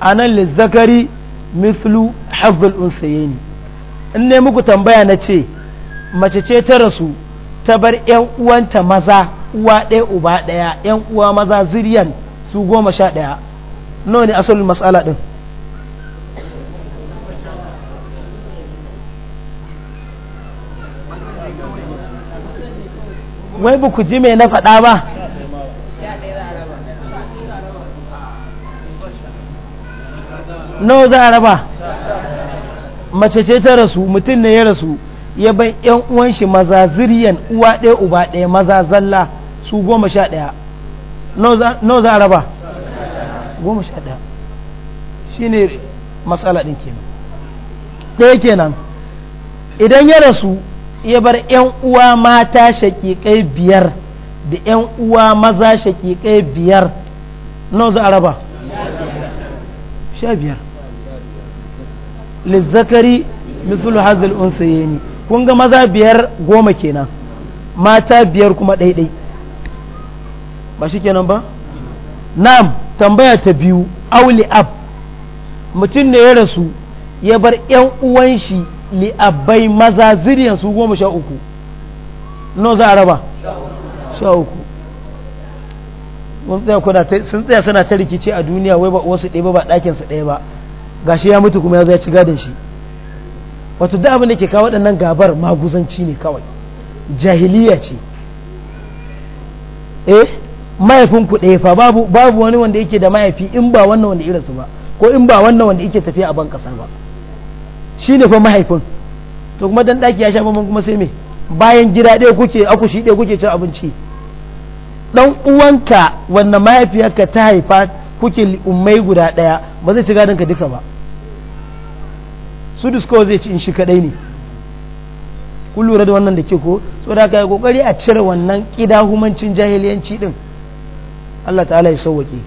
anan lizzakari mithlu hadhul unsayn in ne muku tambaya na ce mace ce ta rasu ta bar yan uwanta maza uwa ɗaya uba ɗaya yan uwa maza zuriyan su goma sha ɗaya nawa ne asalin mas'ala ɗin wai bu ku ji me na faɗa ba nawa za a raba mace ce ta rasu mutum ne ya rasu ya ban yan uwan shi maza ziriyan uwa ɗaya uba ɗaya maza zalla su goma sha ɗaya nawa za a raba goma sha ɗaya shi ne matsala ɗin kenan ɗaya kenan idan ya rasu ya bar ‘yan uwa mata shakikai biyar da ‘yan uwa maza shakikai biyar nan za a sha biyar lizzakari mithlu hazil unsayeni kun ga maza biyar goma kenan mata biyar kuma ɗaiɗai ba shi kenan ba? nam tambaya ta biyu auli ab mutum ne ya rasu ya bar ‘yan uwan shi li'abbai maza zuriyan su goma sha uku no za a raba sha uku sun tsaya suna ta rikici a duniya wai ba wasu ɗaya ba ba ɗakinsa ɗaya ba ga shi ya mutu kuma ya zai ya ci gadon shi wato da abin da ke kawo waɗannan gabar maguzanci ne kawai jahiliya ce eh mahaifinku ɗaya fa babu wani wanda yake da mahaifi in ba wannan wanda irinsu ba ko in ba wannan wanda yake tafiya a ban ƙasa ba shi ne fa mahaifin to kuma dan daki ya sha bamban kuma sai me bayan gida ɗaya kuke shi ɗaya kuke cin abinci dan uwanka wanda mahaifiyarka ta haifa kuke ummai guda ɗaya ba zai ci gadon ka duka ba su disko zai ci in shi kadai ne kun lura da wannan da ke ko so da kai kokari a cire wannan kidahumancin jahiliyanci din Allah ta'ala ya sauwake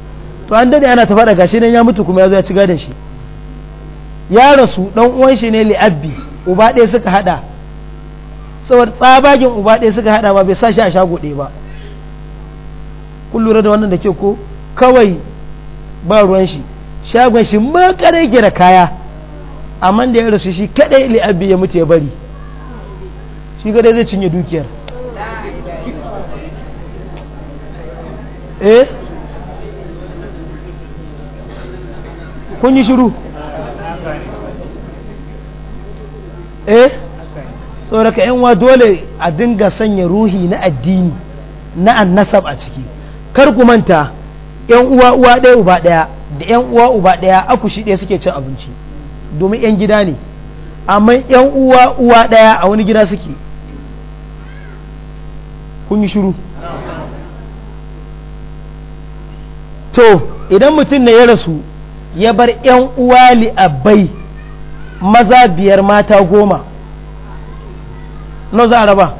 to an dade ana ta faɗa gashi nan ya mutu kuma ya zo ya ci gadon shi ya rasu dan uwan shi ne li'abbi uba ɗaya suka hada saboda tsabagin uba ɗaya suka hada ba bai sa shi a shago ɗaya ba kun lura da wannan da ke ko kawai ba ruwan shi shagon shi makarai ke da kaya amma da ya rasu shi kadai li'abbi ya mutu ya bari shi kadai zai cinye dukiyar eh kun yi shiru eh tsoraka yan dole a dinga sanya ruhi na addini na annasab a ciki kar ku manta yan uwa uwa ɗaya uba ɗaya da yan uwa uba ɗaya shi ɗaya suke cin abinci domin yan gida ne amma yan uwa uwa ɗaya a wani gida suke kun yi shiru to idan mutum ne ya rasu ya bar ‘yan uwa li'abbai maza biyar mata goma no za a raba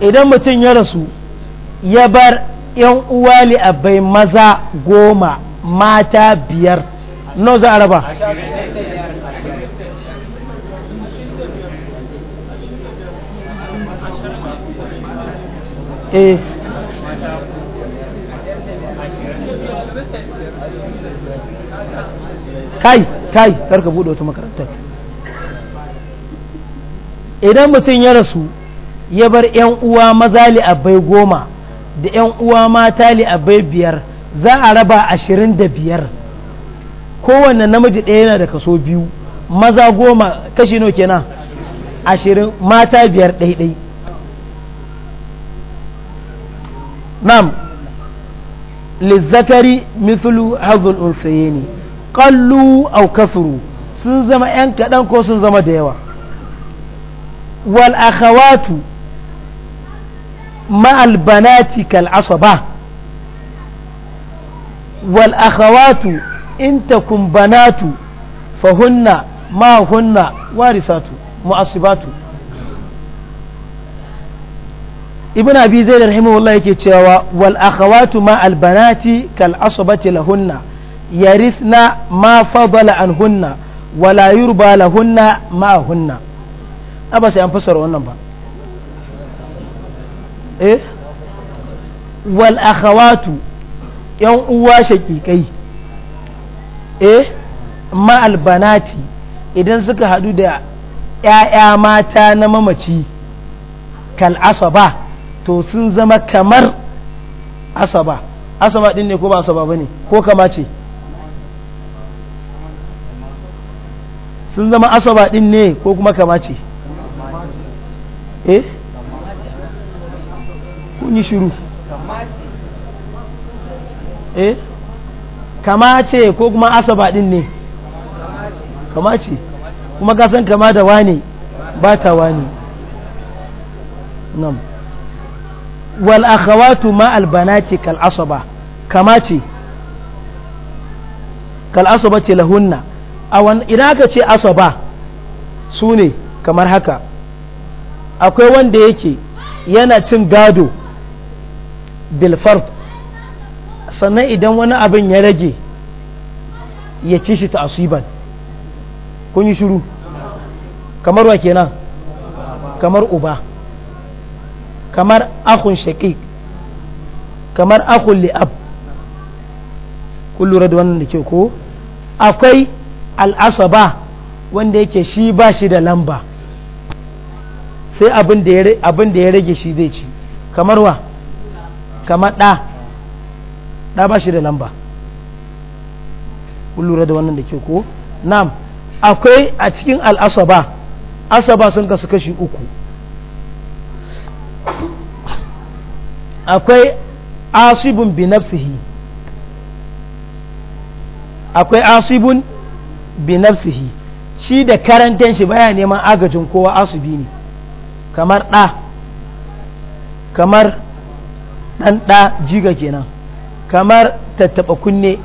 idan mutum ya rasu ya bar ‘yan uwa li'abbai maza goma mata biyar no za a raba eh kai kai karka bude wata makarantar idan mutum ya rasu ya bar yan uwa maza li'abbai goma da yan uwa mata li'abbai biyar za a raba ashirin da biyar kowanne namiji ɗaya yana da kaso biyu maza goma kashi nawa kenan ashirin mata biyar ɗaiɗai nam lizzatari mithlu hazul unsayeni kallu au kafiru sun zama yan kaɗan ko sun zama da yawa wal akhawatu ma'al banati kal asaba wal akhawatu in takum banatu fahunna ma hunna warisatu mu'assibatu ibn abi zaid rahimahullah yake cewa wal akhawatu ma al banati kal asabati lahunna yarisna ma fadala hunna wala yurba lahunna ma hunna a ba sai an fasara wannan ba eh wal akhawatu yan uwa shakikai eh ma albanati idan suka hadu da ‘ya'ya mata na mamaci kal asaba to sun zama kamar asaba asaba ɗin ne ko ba asaba ba ne ko kama ce sun zama asaba din ne ko kuma kamace eh kun yi shiru eh kamace ko kuma asaba din ne kamace kuma kasan kama da wani ba ta wani nam wal akhawatu ma al banati kal asaba kamace kal asaba ce lahunna idan aka ce asaba su ne kamar haka akwai wanda yake yana cin gado bilfard sannan idan wani abin ya rage ya ci shi ta asiban kun yi shuru kamar wa kenan kamar uba kamar akun shaƙi kamar akun li'ab kun lura da wannan da ke ko akwai al'asaba wanda yake shi ba shi da lamba sai abin da ya rage shi zai ci kamar wa kamar ɗa ɗa ba shi da lamba kun lura da wannan da ke ko nam akwai a cikin al'asaba asaba sun kasu kashi uku akwai asibun bi nafsihi akwai asibun bi nafsihi shi da karantan shi baya neman agajin kowa asubi ne kamar ɗa kamar ɗan ɗa jiga kenan kamar tattaɓa kunne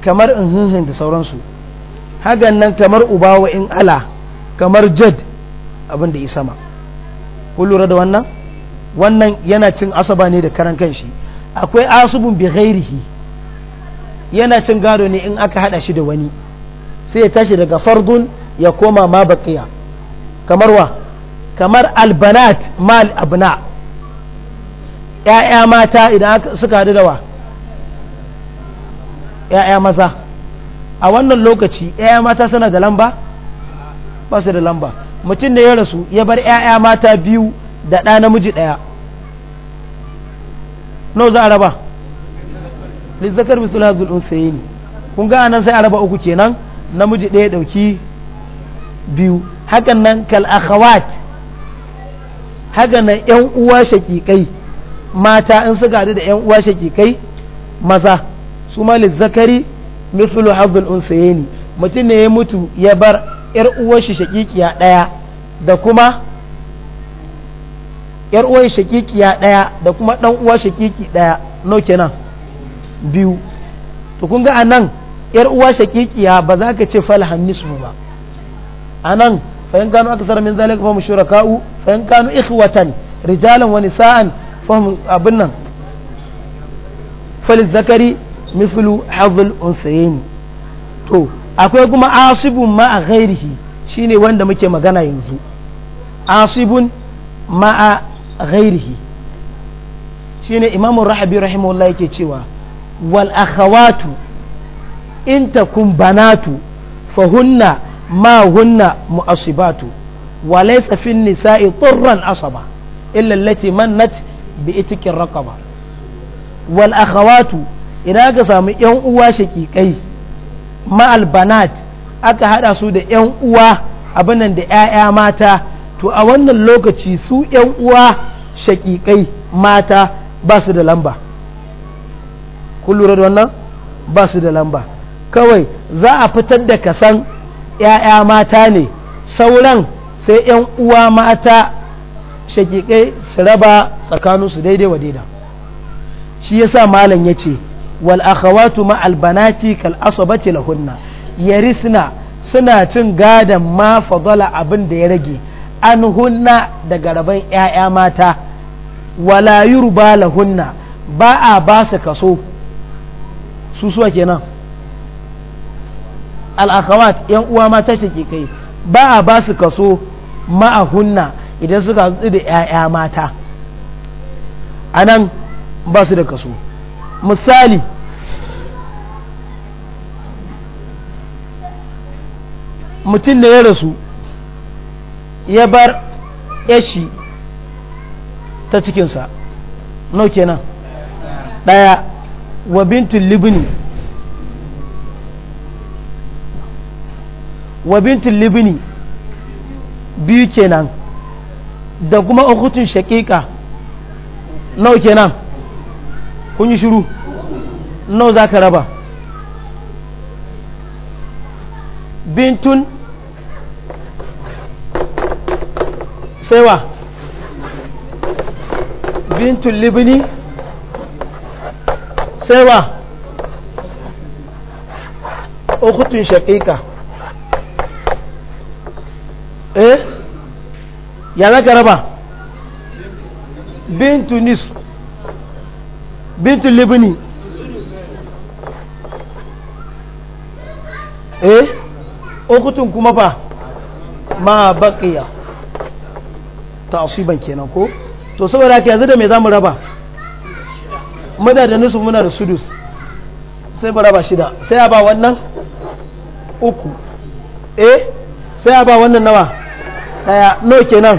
kamar inhinhin da sauransu hagan nan kamar ubawa in ala kamar jad abin da isama kun lura da wannan wannan yana cin asaba ne da karan kanshi akwai asubun bi ghairihi yana cin gado ne in aka hada shi da wani sai ya tashi daga fardun ya koma ma baƙiya kamar wa kamar albanat mal abna ‘ya'ya mata idan suka haɗu da wa ‘ya'ya maza a wannan lokaci ‘ya'ya mata suna da lamba ba su da lamba mutum da ya rasu ya bar ‘ya'ya mata biyu da ɗa namiji ɗaya no za a raba lizzakar mitul hazul sayi ne kun ga anan sai a raba uku kenan namiji ɗaya ɗauki biyu hakan nan kal akhawat nan yan uwa shakikai mata in su gadi da yan uwa shakikai maza su ma zakari mithlu hazzul unsayni mutum ne ya mutu ya bar yar uwar shi shakikiya ɗaya da kuma yar uwar shakikiya ɗaya da kuma ɗan uwa shakiki ɗaya no kenan biyu to kun ga anan yar uwa shakikiya ba za ka ce falhan nisfu ba anan fa in kanu aksara min zalika fa mushraka'u fa in kanu ikhwatan rijalan wa nisa'an fa abin nan fal zakari mithlu hadhul unsayin to akwai kuma asibun ma a ghairihi shine wanda muke magana yanzu asibun ma a ghairihi shine imamu rahabi rahimahullah yake cewa wal akhawatu in ta banatu fa hunna ma hunna mu'asibatu wa laysa tsafin nisa'i turran asaba illa allati mannat bi itikin raqaba wal akhawatu idan aka samu yan uwa shakikai ma al banat aka hada su da yan uwa abinan da 'ya'ya mata to a wannan lokaci su 'yan uwa shakikai mata ba su da lamba kun da wannan ba su da lamba kawai za a fitar da kasan 'ya'ya mata ne sauran sai 'yan uwa mata shakikai su raba tsakaninsu daidai wa daidai. shi ya sa malam ya ce wal'akawatu ma'albanaki ma albanati kal asabati lahunna yarisna suna cin gadon ma fadola abin da ya rage an hunna daga rabon 'ya'ya mata walayuru ba lahunna ba a ba su kaso susuwa kenan al’akawat yan uwa mata kai ba a ba su kaso ma'ahunna idan suka zuɗi da 'ya'ya mata a nan ba su da kaso misali mutum da ya rasu ya bar yashi ta cikinsa nau kenan ɗaya wa bintun libni wa bintul libini biyu kenan da kuma ukutun shaqiqa nau kenan kun yi nau' za zaka raba bintun saiwa bintun libini saiwa ukutun shaqiqa eh ya za ka raba bintu nis bintu libni eh ukutun kuma fa ma baqiya asiban kenan ko to saboda haka yanzu da me zamu raba muna da nisuf muna da sudus sai mu raba shida sai a ba wannan uku eh sai a ba wannan nawa daya no kenan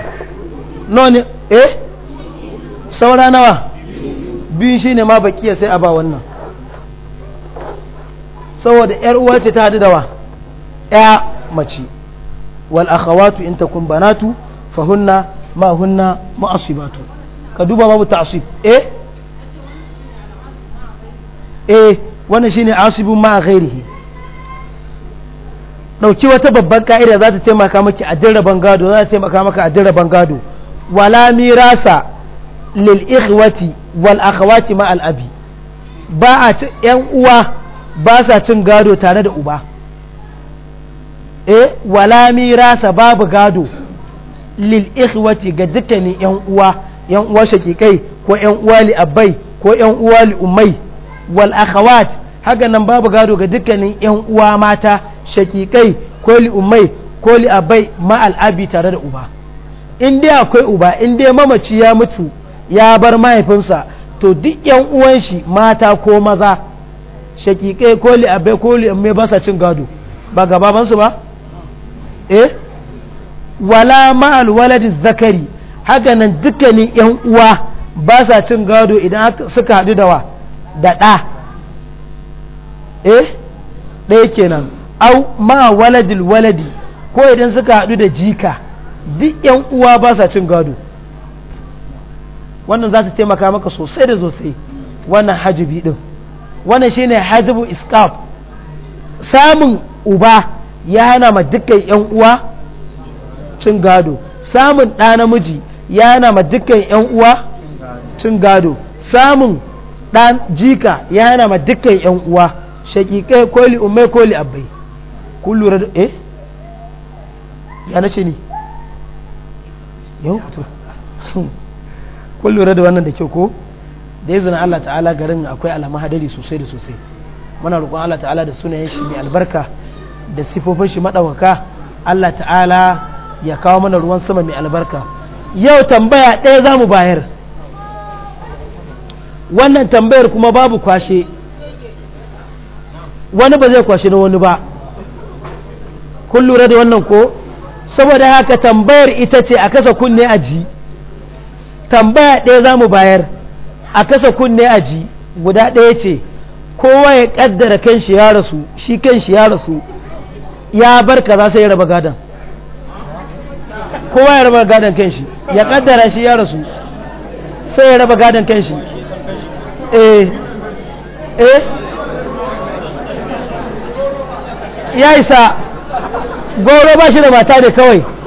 no ne eh saura nawa biyu shine ma bakiya sai a ba wannan saboda yar uwa ce ta hadu da wa ya mace wal akhawatu in takun banatu fa hunna ma hunna mu'asibatu ka duba babu ta'sib eh eh wannan shine asibun ma ghairihi ɗauki wata babban ka'ida za ta taimaka maki a dirraban gado za ta taimaka maka a dirraban gado wala mirasa lil ikhwati wal akhawati ma al abi ba a ci yan uwa ba sa cin gado tare da uba eh wala mirasa babu gado lil ikhwati ga dukkanin yan uwa yan uwa shakikai ko yan uwa li abai ko yan uwa li umai wal akhawat haka nan babu gado ga dukkanin yan uwa mata shakikai ko li umai ko li abai ma al'abi tare da uba in dai akwai uba in dai mamaci ya mutu ya bar mahaifinsa to duk yan uwan shi mata ko maza shakikai ko li abai ko li umai ba sa cin gado ba gaba su ba eh wala al waladi zakari haka nan dukkanin yan uwa ba sa cin gado idan suka haɗu da wa da ɗa eh ɗaya kenan au ma waladil waladi ko idan suka haɗu da jika duk yan uwa ba sa cin gado wannan za ta taimaka maka sosai da sosai wannan hajibi din wannan shine hajibu iskaf samun uba ya hana ma dukkan yan uwa cin gado samun ɗa namiji ya hana ma dukkan yan uwa cin gado samun ɗan jika ya hana ma dukkan yan uwa shaƙiƙai koli umai koli abai kun lura da eh ya na ce ni yau to kun lura da wannan da kyau ko da izinin Allah ta'ala garin akwai alama hadari sosai da sosai muna roƙon Allah ta'ala da sunayen shi mai albarka da sifofin shi madawaka Allah ta'ala ya kawo mana ruwan sama mai albarka yau tambaya ɗaya za mu bayar wannan tambayar kuma babu kwashe wani ba zai kwashe na wani ba kun lura da wannan ko saboda haka tambayar ita ce a kasa kunne a ji tambaya ɗaya za mu bayar a kasa kunne a ji guda ɗaya ce kowa ya kan kanshi ya rasu shi kanshi ya rasu ya bar kaza sai ya raba gadon kowa ya raba gadon kanshi ya ƙaddara shi ya rasu sai ya raba gadon kanshi eh eh ya isa goro ba shi da mata ne kawai